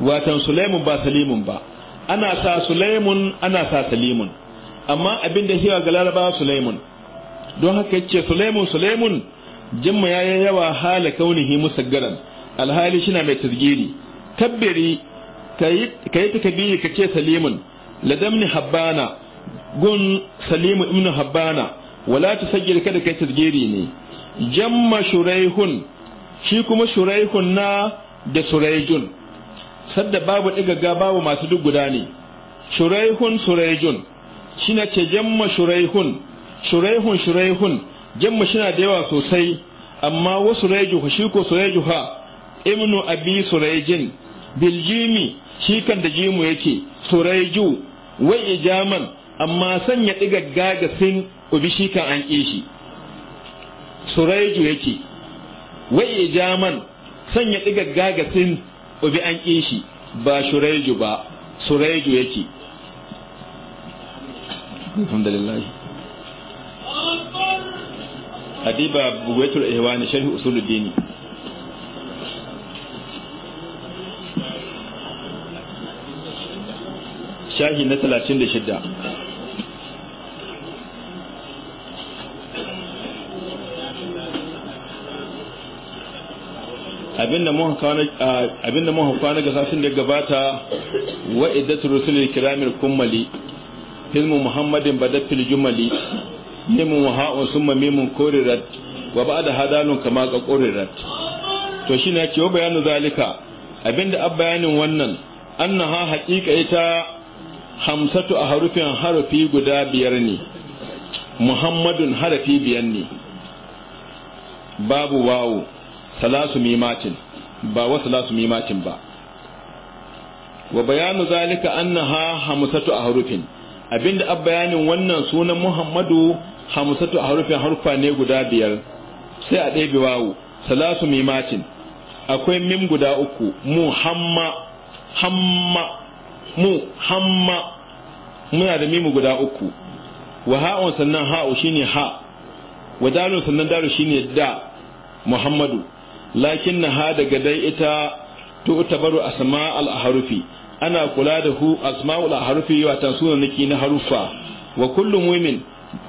watan sulaimun ba salimun ba ana sa sulaimun ana sa salimun amma abin da hewa ga larabawa sulaimun don haka yace sulaimun sulaimun jamma yi yawa hala kaunihi garan alhali shina mai tilgidi tabbiri kayi kayi ka ce salimun ladamni habbana gun salimu ibn habbana wala ta tusajjir kada kai tasgiri ne jamma shuraihun shi kuma shuraihun na da suraijun sadda babu ɗigaga babu masu duk guda ne shuraihun suraijun shi na ce jamma shuraihun shuraihun shuraihun jamma shi da yawa sosai amma wa suraijuhu shi ko suraijuha ibnu abi suraijin biljimi shi kan da jimu yake suraiju wai ijaman amma sanya diga gaga sin ubi shi kan an ƙi shi suraiju yake wai jaman sanya diga gaga sin ubi an ƙi shi ba shuraiju ba suraiju yake alhamdulillah adiba buwaitul ihwani sharhi dini. shahi na 36 abinda muka kwana ga sashen da ya gabata wa iddatu rusulil kiramil kummali hilmu muhammadin badafil jumali wa ha'un summa mimun korirat wa ba'da hadanun kama ka korirat to shi ne ce wa bayanu zalika abinda ab bayanin wannan annaha hakika ita hamsatu a harufin harafi guda biyar ne muhammadun harafi biyar ne babu wawo. salasu mimatin ba wa salasu mimatin ba wa bayanu zalika annaha hamsatu ahrufin abinda ab bayanin wannan sunan Muhammadu hamsatu ahrufin harufa ne guda biyar sai a ɗebe wawu salasu mimatin akwai mim guda uku mu hamma hamma mu hamma muna da mim guda uku wa ha'un sannan ha'u shine ha wa dalun sannan dalu shine da Muhammadu lakin na ha daga dai ita tu'tabaru asma al harufi ana kula da hu asma'ul harufi ta sunan niki na harufa wa kullu mumin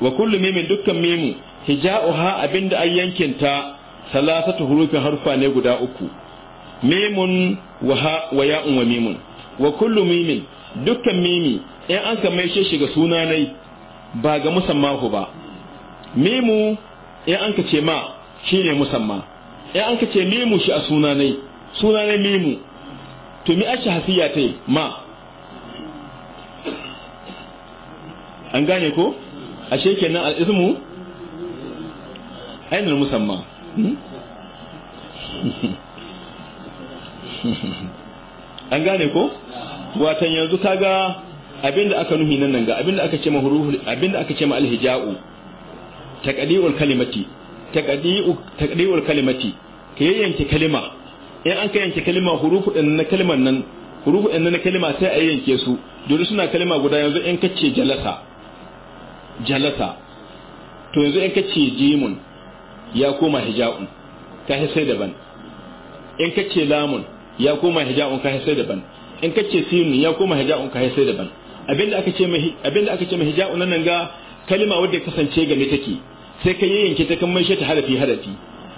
wa kullu mu'min dukkan mimu hija'uha abinda ay yankinta salasatu hurufin harufa ne guda uku mimun wa ha wa ya'un wa mimun wa kullu mu'min dukkan mimi in an ka maishe shi ga sunanai ba ga ku ba mimu in an ka ce ma shine musamma Ya an kace ce limu shi a sunanai sunanai limu to mi ashi hasiya ta ma an gane ko ashe kenan al'izmu ainihin musamman an gane ko watan yanzu kaga abinda aka nuhi nan nan ga abinda aka ce ma abinda aka ce ma alhija'u taqdi'ul kalimati taqdi'ul kalimati ka yayyanke kalima in an ka yanke kalima hurufu din na kalimar nan hurufu din na kalima sai a yanke su dole suna kalima guda yanzu in ka ce jalasa jalasa to yanzu in ka ce jimun ya koma hija'un ka sai daban in ka ce lamun ya koma hija'un ka sai daban in ka ce sinun ya koma hija'un ka sai daban abinda aka ce mai abinda aka ce mai hija'un nan ga kalima wadda kasance ga game take sai ka yayyanke ta kan maishe ta harafi harafi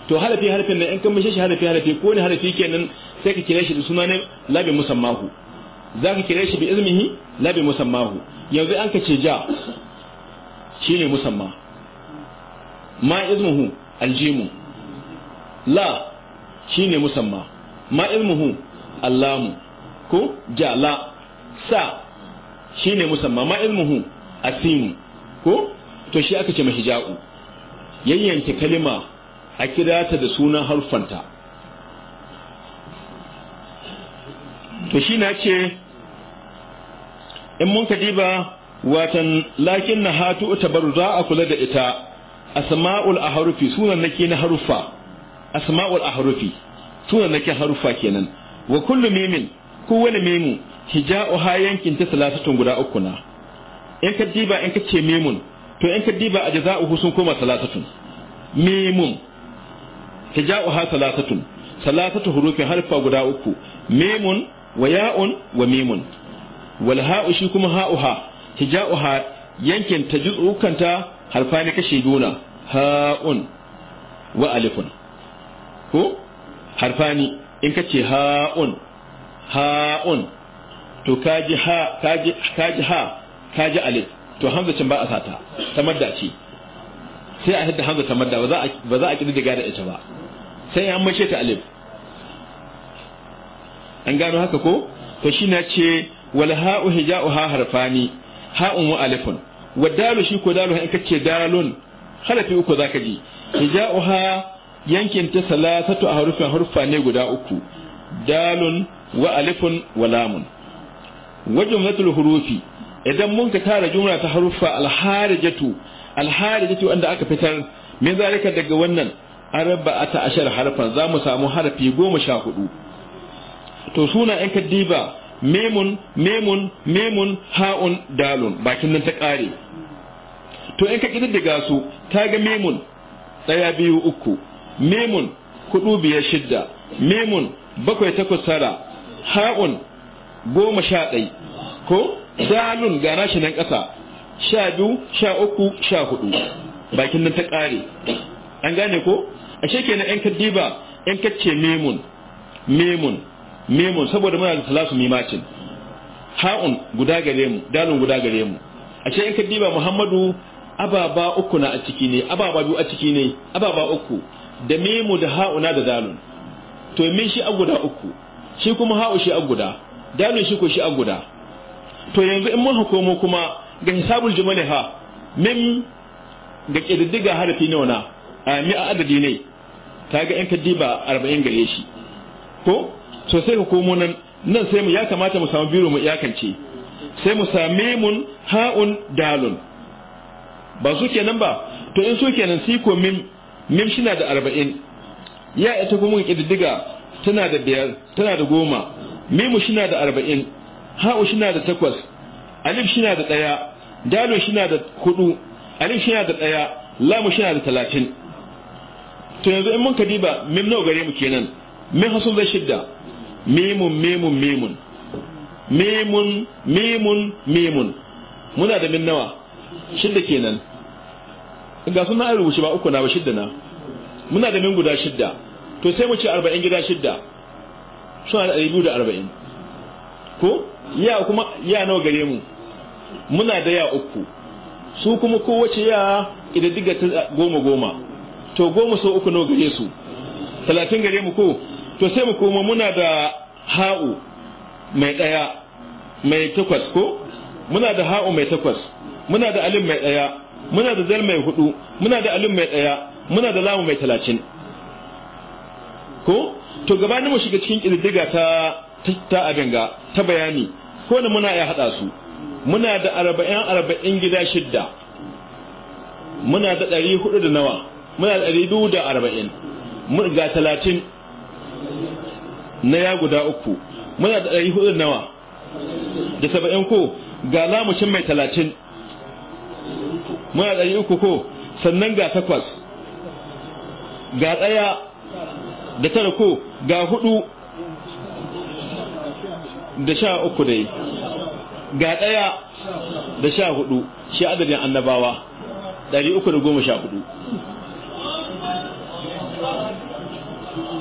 to harafi harafin nan in kan maishe shi harafi harafi ko ne harafi kenan sai ka kira shi da suna ne labi musammahu za ka kira shi bi izmihi labi musammahu yanzu an ka ce ja shine musamma ma izmuhu aljimu la shine musamma ma ilmuhu allamu ko ja la sa shine musamma ma ilmuhu asimu ko to shi aka ce mahija'u yayyanke kalima a kira ta da sunan harfanta to shi na ce in mun kadiba watan lakin na hatu tabaru za a kula da ita asma'ul ahrufi sunan nake na harufa asma'ul ahrufi sunan nake harufa kenan wa kullu mimin kowane memu hija'u ha yankin ta salasatun guda uku na in ka diba in ka ce mimun to in yan kaddiba a jaza'uhu sun koma salasatun mimun hija'uha salasatun salasatu hurufin harfa guda uku mimun wa ya'un wa mimun wal ha'u shi kuma ha'uha hija'uha yankin ta juz'ukanta harfa ne kashe juna ha'un wa alifun ko harfani in ka ce ha'un ha'un to kaji ha kaji kaji ha kaji alif to hamzacin ba a sata ta madda ce sai a hidda hamza ta madda ba za a daga da ita ba sai an maishe ta alif an gano haka ko to shi na ce wal ha'u hija'u ha harfani ha'un wa alifun wa dalu shi ko dalu in kace dalun harafi uku zaka ji hija'u ha yankin ta salasatu a harufin harfa ne guda uku dalun wa alifun wa lamun wa jumlatul hurufi idan mun ka tara jumla ta haruffa alharijatu alharijatu wanda aka fitar min zalika daga wannan ata ashar harfan za mu samu harafi goma sha hudu to suna yan kaddiba memun memun memun ha'un dalun bakin nan ta kare to in ka kididdiga su ta ga memun tsaya biyu uku memun hudu biyar shidda memun bakwai takwas tara ha'un goma sha ɗai ko dalun ga rashi nan ƙasa sha biyu sha uku sha hudu bakin nan ta ƙare an gane ko ashe na yan kaddiba yan kacce memun memun memun saboda muna da salasu mimacin ha'un guda gare mu dalun guda gare mu ashe yan kaddiba muhammadu ababa uku na a ciki ne ababa biyu a ciki ne ababa uku da memu da ha'una da dalun to min shi a guda uku shi kuma ha'u shi a guda dalun shi ko shi a guda to yanzu in mun hukumo kuma ga hisabul jumali ha min da kididdiga harafi ne na a mi a adadi ne ta ga in kaddiba 40 gare shi ko so sai ka nan nan sai mu ya kamata mu samu biro mu iyakance sai mu same mun ha'un dalun ba su kenan ba to in su kenan sai ko min min shi na da 40 ya ita kuma kididdiga tana da biyar tana da goma mimu shi na da arba'in ha'u shi na da takwas alif shi na da ɗaya dalo shi na da hudu alif shi na da ɗaya lamu shi na da talatin to yanzu in mun kadiba mim nawa gare mu kenan min hasun zai shidda mimun mimun mimun mimun mimun mimun muna da min nawa shidda kenan ga sun na rubuce ba uku na ba shidda na muna da min guda shidda to sai mu ce arba'in gida shidda suna da ɗari biyu da arba'in ko ya kuma ya nawa gare mu muna da ya uku su kuma kowace ya ƙididdiga ta goma goma to goma sau uku nawa gare su talatin gare mu ko to sai mu koma muna da ha'u mai ɗaya mai takwas ko muna da ha'u mai takwas muna da alim mai ɗaya muna da zal mai hudu muna da alim mai ɗaya muna da lamu mai talatin ko to gabanin mu shiga cikin ƙididdiga ta ta abin ta bayani ko da muna ya haɗa su muna da arba'in arba'in gida shidda muna da ɗari hudu da nawa muna da ɗari biyu da arba'in ga talatin na ya guda uku muna da ɗari hudu da nawa da saba'in ko ga lamushin mai talatin muna da ɗari uku ko sannan ga takwas ga ɗaya da tara ko ga hudu da sha uku dai ga ɗaya da sha hudu shi adadin annabawa ɗari uku da goma sha hudu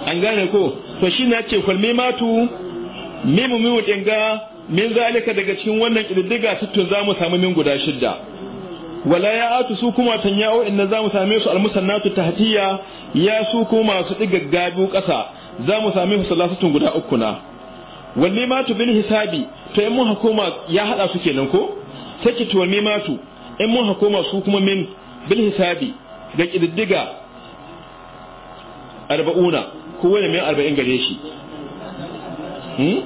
an gane ko to shi na ce kwalmi matu mimu mimu ɗinga min zalika daga cikin wannan ƙididdiga tattun za mu samu min guda shidda wala ya atu su kuma tan yawo inda za mu same su almusannatu tahtiya ya su kuma su ɗiga gabu ƙasa za mu same su salasatun guda uku na walli matu bil hisabi to in mun hakoma ya hada su kenan ko take to walli matu in mun hakoma su kuma min bil hisabi da kididdiga arba'una ko wani mai arba'in gare shi hmm?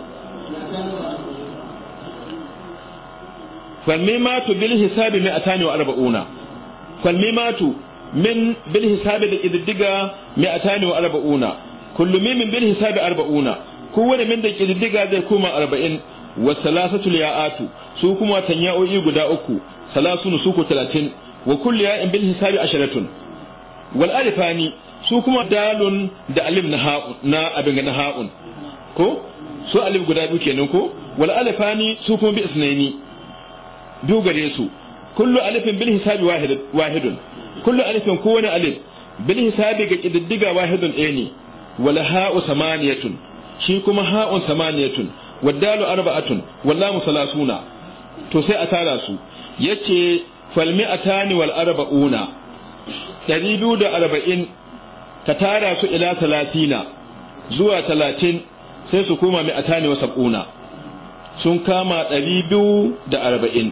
walli matu bil hisabi mai atani wa arba'una walli matu min bil hisabi da kididdiga mai atani wa arba'una kullu min bil hisabi arba'una kowane min da kididdiga zai koma arba'in wa salasatul ya'atu su kuma tanya'o'i guda uku salasun suku talatin wa kulli ya'in bil hisabi asharatun wal alifani su kuma dalun da alif na ha'un na abin na ha'un ko su alif guda biyu kenan ko wal alifani su kuma bi isnaini biyu gare su kullu alifin bil hisabi wahidun kullu alifin kowane alif bil hisabi ga kididdiga wahidun ɗaya ne wal ha'u samaniyatun shi kuma ha'un samaniyatun waddalu arba'atun wallamu salasuna to sai a tara su yace fal mi'atani wal arba'una 240 ka tara su ila 30 zuwa talatin, sai su koma mi'atani wa sab'una sun kama 240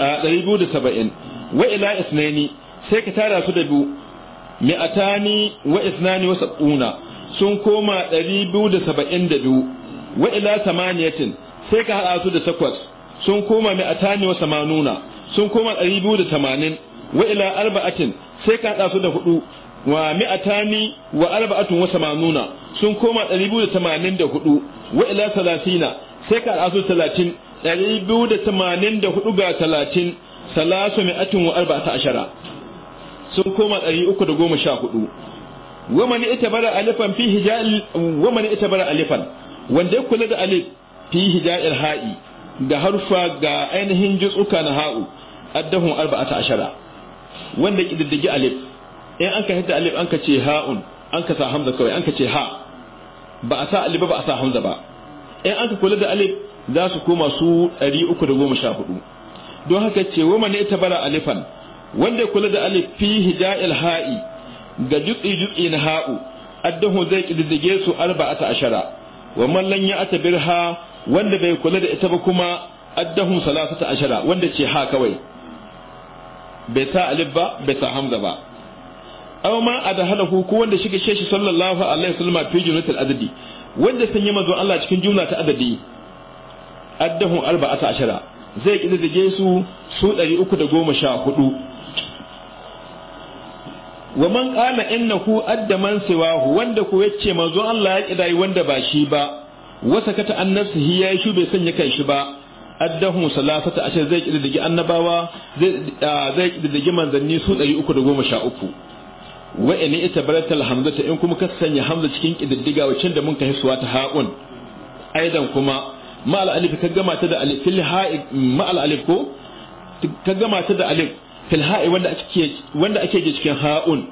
a 270 wa ila isnaini sai ka tara su da biyu mi'atani wa isnani wa sab'una sun koma 272 wa ila samaniyatin sai ka haɗa su da takwas sun koma mai atani wa samanuna sun koma 280 wa ila arba'atin sai ka haɗa su da hudu wa atani wa arba'atun wa samanuna sun koma 284 wa ila 30 sai ka haɗa su da talatin 284 ga 30 salasu atin wa arba'ata ashara sun koma 314 ومن اعتبر ألفا في هجاء ومن اعتبر ألفا wanda ya kula da alif fi hija'ir ha'i da harfa ga ainihin jitsuka na ha'u addahun arba'ata ashara wanda ya kididdigi alif in an ka hita alif an ka ce ha'un an ka sa hamza kawai an ka ce ha ba a sa alif ba a sa hamza ba in an ka kula da alif za su koma su 314 don haka ce wa man ita bara alifan wanda ya kula da alif fi hija'il ha'i ga jutsi jutsi na ha'u addahu zai kididdige su arba'ata ashara wa ya lan birha wanda bai kula da ita ba kuma addahu salasata ashara wanda ce ha kawai bai sa alif ba bai sa hamza ba aw ma adhalahu ko wanda shiga sheshi sallallahu alaihi wasallam fi jumlatil adadi wanda sanya manzo Allah cikin jumla ta adadi addahu arba'ata ashara zai kididdige su su 314 wa man qala innahu adda man siwahu wanda ko yace manzo Allah ya kidai wanda ba shi ba wasa kata an hi ya shi bai sanya kai shi ba addahu salasata ashe zai kididdigi annabawa zai zai kididdigi manzanni su 313 wa in itabarat alhamzata in kuma ka sanya hamza cikin kididdiga wacin da mun kai suwa ta haun aidan kuma ma al alif ka gama ta da alif fil ma al alif ko ka gama ta da alif fil ha'i wanda ake wanda ake ji cikin ha'un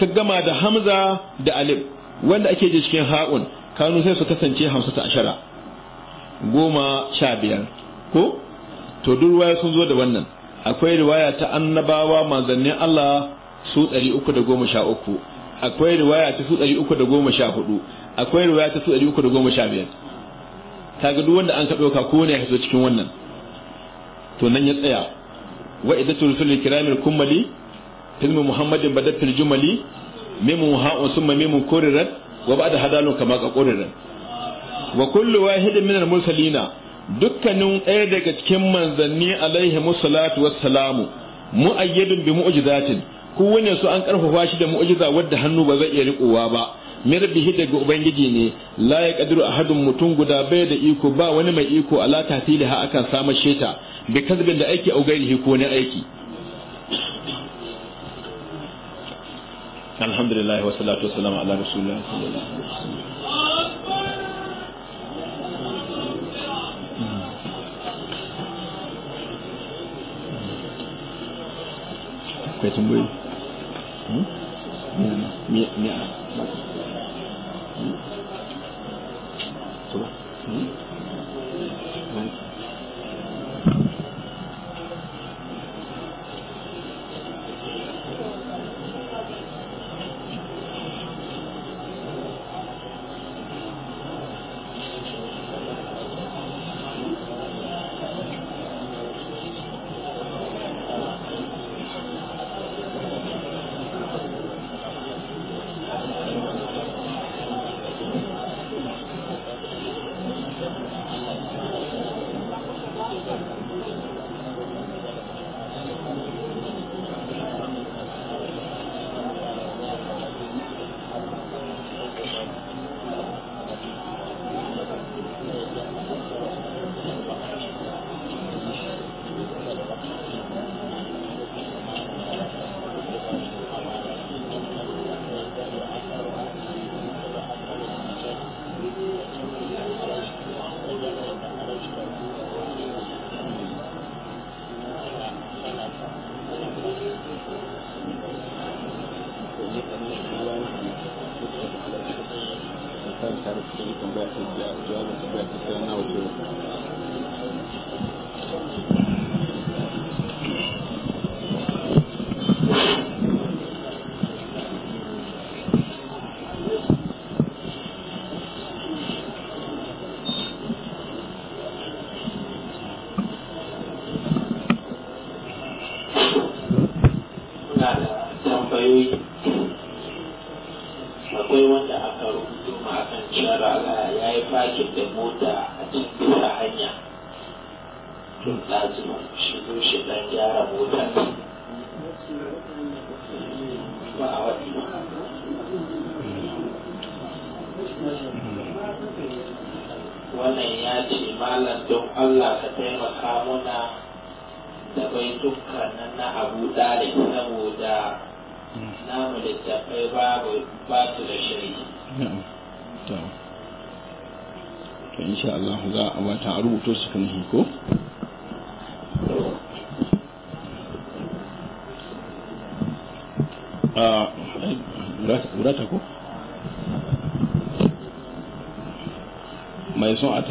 ka gama da hamza da alif wanda ake ji cikin ha'un kanu sai su kasance hamsa ta ashara goma sha biyar ko to duk ruwaya sun zo da wannan akwai riwaya ta annabawa manzannin Allah su ɗari uku da goma sha uku akwai riwaya ta su ɗari uku da goma sha hudu akwai riwaya ta su ɗari uku da goma sha biyar kaga duk wanda an ka ɗauka ko ne ya zo cikin wannan to nan ya tsaya وإذا رسول الكرام الكملي حزم محمد بدت الجملي ميم هاء ثم ميم كررت وبعد هذا كما قررت وكل واحد من المرسلين dukkanin ɗaya daga cikin manzanni alaihi musallatu wassalamu mu'ayyadun bi mu'jizatin kowane su an karfafa shi da mu'jiza wadda hannu ba zai iya riƙowa ba mirbi rabbihi daga ubangiji ne la ya kadiru ahadun mutum guda bai da iko ba wani mai iko ala ha akan samun sheta bi kasbin da aiki au gairihi ko wani aiki alhamdulillah wa salatu wa salam ala rasulillah kai tambayi 嗯，走吧。嗯，来。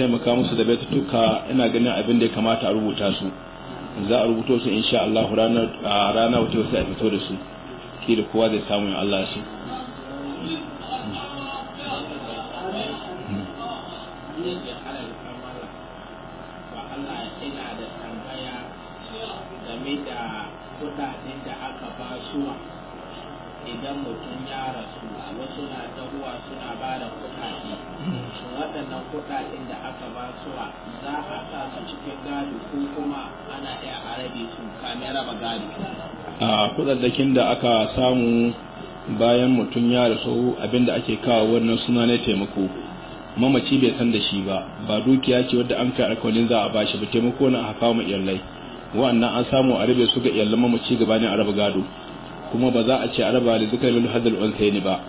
taimaka musu da tuka ina ganin abin da ya kamata a rubuta su za a rubuto su insha Allah rana wata wasu a fito da su ki da kowa zai samu yin Allah su game da da aka ba idan mutum ya rasu wasu na ruwa suna ba da kuɗaɗe shin waɗannan kuɗaɗen da aka ba suwa za a sa su cikin gado ko kuma ana iya arabe su kamar raba gado a kuɗaɗɗakin da aka samu bayan mutum ya rasu abinda ake kawo wannan suna na taimako mamaci bai san da shi ba ba dukiya ce wadda an kai alkawalin za a bashi ba taimako na a kawo ma iyalai wa'annan an samu a rabe su ga iyalan mamaci gabanin a raba gado kuma ba za a ce araba da duka lil hadal unsaini ba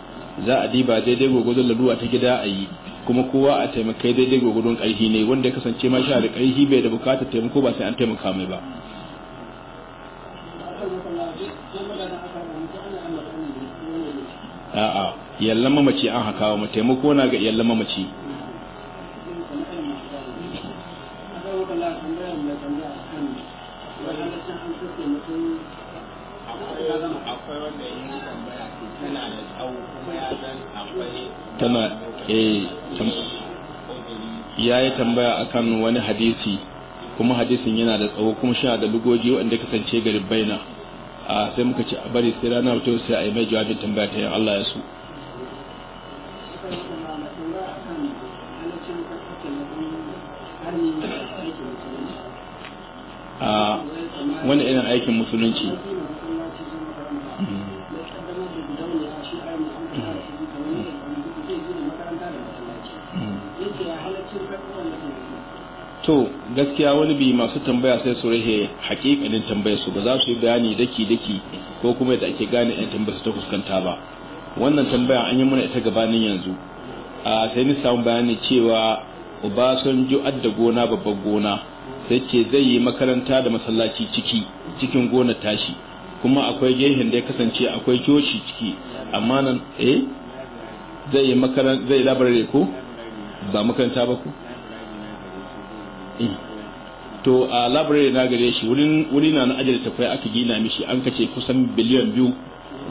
za a diba daidai gwagwadon laluwa ta gida a yi kuma kowa a taimakai daidai gogodon karhi ne wanda ya kasance ma shi da karhi bai da bukatar taimako ba sai an taimaka mai ba a'a yallan mamaci an haka wa taimako na ga yallan mamaci Thank you. tana eh, ya yi tambaya akan wani hadisi kuma hadisin yana da tsawo kuma sha da lugoji wanda kasance garin baina a sai muka ci a bari sai rana wato sai a yi mai jawabin tambaya ta yin Allah ya su wani irin aikin musulunci to gaskiya wani bi masu tambaya sai su rahe hakikanin tambayar su ba za su yi bayani daki daki ko kuma da ake gane yan tambayar su ta fuskanta ba wannan tambaya an yi mana ita gabanin yanzu a sai ni samu bayani cewa uba sun ju adda gona babban gona sai ce zai yi makaranta da masallaci ciki cikin gona tashi kuma akwai gehen da ya kasance akwai coci ciki amma nan eh zai yi makaran zai labarai ko ba makaranta ba ku. Eh. to a labarai na gare shi wurin wuri na na ajiyar tafai aka gina mishi an kace kusan biliyan biyu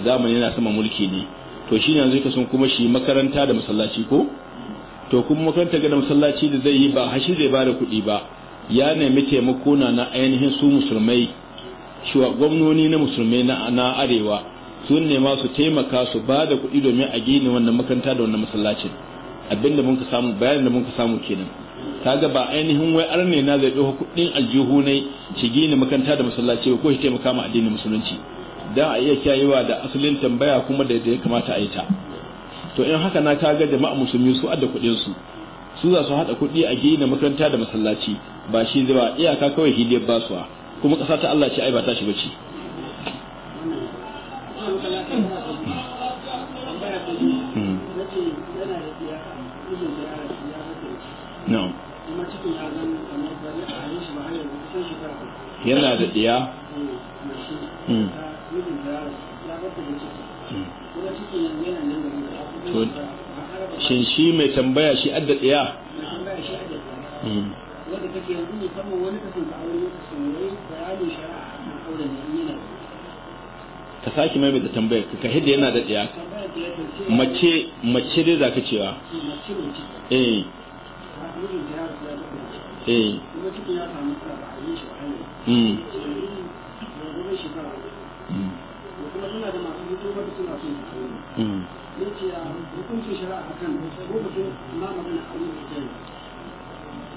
zamani yana sama mulki ne to shi ne yanzu kasan kuma shi makaranta da masallaci ko to kuma makaranta ga masallaci da zai yi ba hashi zai ba da kuɗi ba ya nemi taimako na na ainihin su musulmai cewa gwamnoni na musulmi na arewa sun nema su taimaka su ba da kuɗi domin a gina wannan makaranta da wannan masallacin abinda mun ka samu bayanin da mun ka samu kenan ga ba ainihin wai arne na zai ɗauka kuɗin aljihu ne shi gina makaranta da masallaci ko shi taimaka ma addinin musulunci da a iya kiyayewa da asalin tambaya kuma da ya kamata a yi ta to in haka na kaga jama'a musulmi su adda kuɗin su su za su haɗa kuɗi a gina makaranta da masallaci ba shi zai ba iyaka kawai hidiyar basuwa kuma ƙasa ta Allah ce ai ba tashi bace yana da ɗiya hmm. Hmm. shin shi mai tambaya shi adda ɗiya hmm. wanda kake yanzu ne kama wani kasan ta aure lokacin ne bayanin shari'a akan aure ne yana ka sake mai da tambayar ka kai da yana da tsaya mace mace dai zaka cewa eh eh mm Mm.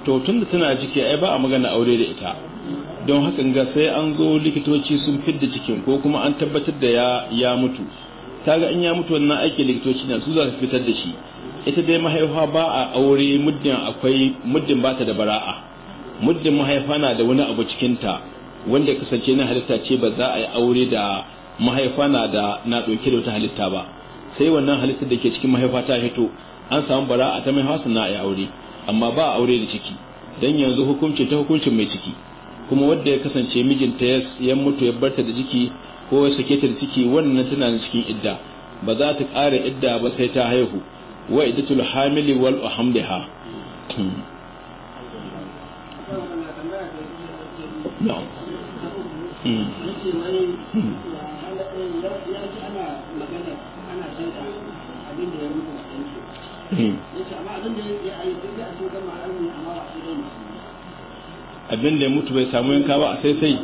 to tun da tana ciki ai ba a magana aure da ita don hakan ga sai an zo likitoci sun fidda cikin ko kuma an tabbatar da ya ya mutu kaga in ya mutu wannan aiki likitoci na su za su fitar da shi ita dai mahaifa ba a aure muddin akwai muddin ba ta da bara'a muddin mahaifa na da wani abu cikin ta wanda kasance na halitta ce ba za a yi aure da mahaifa na da na dauke da wata halitta ba sai wannan halittar da ke cikin mahaifa ta hito an samu bara'a ta mahaifa sannan a yi aure amma ba aure da ciki dan yanzu hukunci ta hukuncin mai ciki kuma wanda ya kasance mijinta ya mutu ya barta da ciki ko ya sake ta da ciki wannan tana cikin idda ba za ta ƙara idda ba sai ta haihu wa iddatul hamili wal uhamdiha no Hmm. hmm. hmm. abin da ya mutu bai samu yanka ba sai sai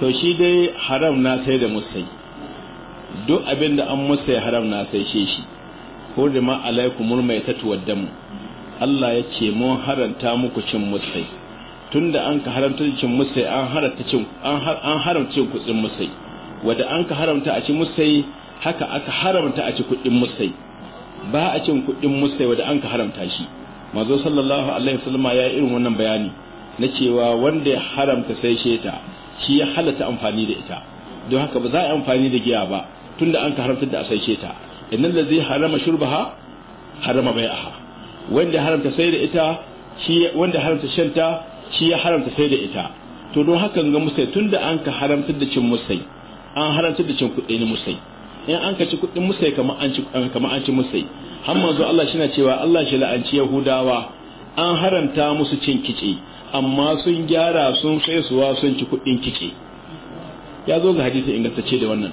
to shi dai haram na sai da musai duk abin da an musai haram na sai shi shi hurrima alaikumul maitatu waddamu Allah ya ce mun haranta muku cin musai tunda an ka haramta cin musai an haramta cin an haramta cin kudin musai wanda an ka haramta a cin musai haka aka haramta a cin kudin musai ba a cin kudin musai wanda an ka haramta shi manzo sallallahu alaihi wasallam ya yi irin wannan bayani na cewa wanda ya haramta sai sheta shi ya halatta amfani da ita don haka ba za a yi amfani da giya ba tunda an ka haramta da a sai sheta da zai harama shurbaha harama bai'aha wanda haramta sai da ita shi wanda haramta shanta shi ya haramta sai da ita to don hakan ga musai tunda an ka haramta da cin musai an haramta da cin kuɗi ne musai in an ka ci kuɗin musai kamar an ci kamar an ci musai har manzo Allah shi na cewa Allah shi la'anci Yahudawa an haramta musu cin kici amma sun gyara sun sai suwa sun ci kuɗin kici ya zo ga hadisi ingantacce da wannan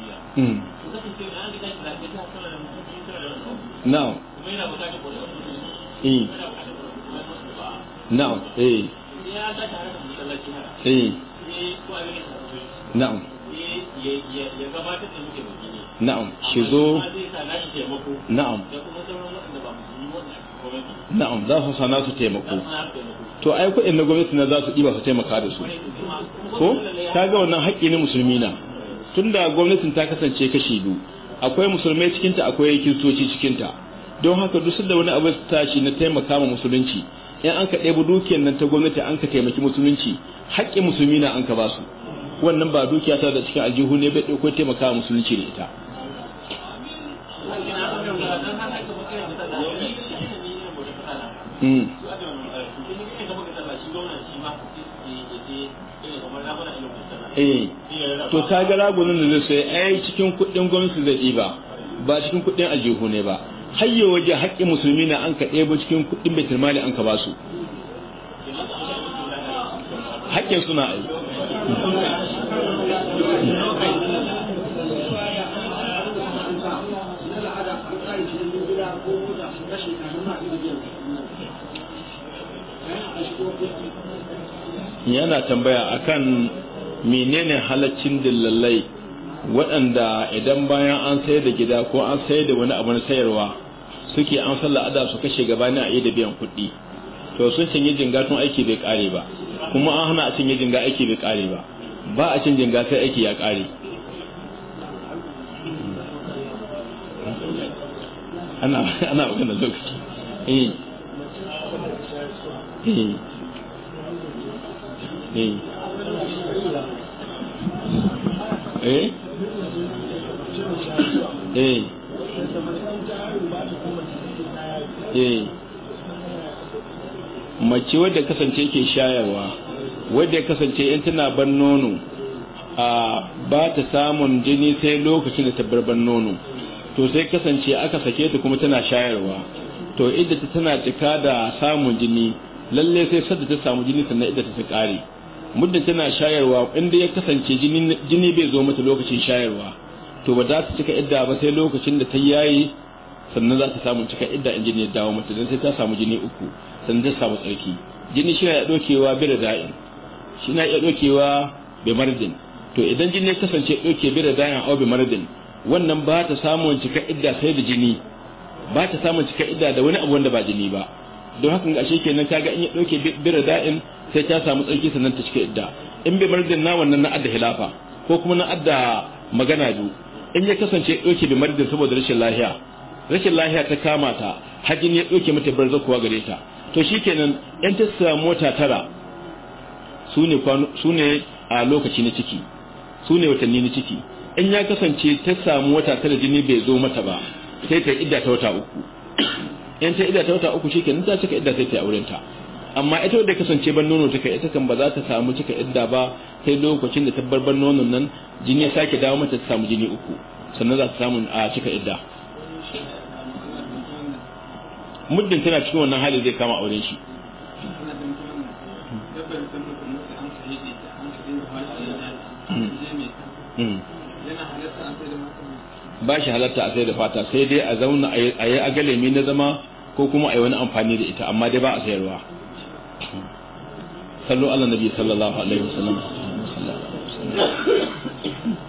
na'am hmm. na'am hmm. eh. eh. za su sana su taimako to ai kuɗin na gwamnati na za su ɗiba su taimaka da su ko ta ga wannan haƙƙi na musulmi na Tun da gwamnatin ta kasance kashi biyu akwai musulmai cikin ta akwai kiristoci cikin ta don haka duk da wani abu ta tashi na taimaka ma musulunci in an ka ɗebi dukiyar nan ta gwamnati an ka taimaki musulunci haƙƙin musulmi na an ka ba su wannan ba dukiya ta da cikin aljihu ne bai ɗauko taimaka ma musulunci da ita hmm. Eh. to ta ga ragunan da zai sai ai cikin kuɗin gwamnati zai ba ba cikin kuɗin aljihu ne ba hayya waje haƙƙin musulmi na an ka ɗebo cikin kuɗin baitul mali an ka ba su haƙƙin suna ai yana tambaya akan menene halaccin dillalai waɗanda idan bayan an sayar da gida ko an sayar da wani abu na sayarwa suke an sallah ada su kashe ne a yi da biyan kuɗi to sun cinye jinga tun aiki bai kare ba kuma an hana a cinye jinga aiki bai kare ba ba a cin jinga sai aiki ya kare ana ana magana lokaci eh eh eh Eh? eh eh mace wadda kasance ke shayarwa wadda ya kasance in tana ban nono a ba ta samun jini sai lokacin da ta bar ban nono to sai kasance aka sake ta kuma tana shayarwa to idda ta tana cika da samun jini lalle sai sadda ta samu jini sannan idda ta ta kare muddin tana shayarwa inda ya kasance jini bai zo mata lokacin shayarwa to ba za ta cika idda ba sai lokacin da ta yayi sannan za ta samu cika idda in jini ya dawo mata dan sai ta samu jini uku sannan ta samu tsarki jini shi na iya dokewa bi da da'in shi na iya dokewa bi mardin to idan jini ya kasance doke bi da da'in au bi mardin wannan ba ta samun cika idda sai da jini ba ta samun cika idda da wani abu wanda ba jini ba don haka ashe kenan kaga in ya dauke da'in sai ta samu tsarki sannan ta cika idda in bai mardin na wannan na adda hilafa ko kuma na adda magana biyu in ya kasance dauke bi mardin saboda rashin lahiya rashin lahiya ta kama ta hajin ya dauke mata barza kuwa gare ta to shikenan yan ta samu mota tara su ne a lokaci na ciki su ne watanni na ciki in ya kasance ta samu wata tara jini bai zo mata ba sai ta idda ta wata uku in ta idda ta wata uku nan ta cika idda sai ta auren ta amma ita wadda kasance ban nono take ita kan ba za ta samu cika idda ba sai lokacin da ta bar ban nonon nan jini ya sake dawo mata ta samu jini uku sannan za ta samu a cika idda muddin tana cikin wannan hali zai kama aure shi hmm. Hmm. Hmm. ba shi halatta a sai da fata sai dai a zauna a yi agalemi na zama ko kuma a yi wani amfani da ita amma dai ba a sayarwa sallu ala nabi sallallahu alaihi wasallam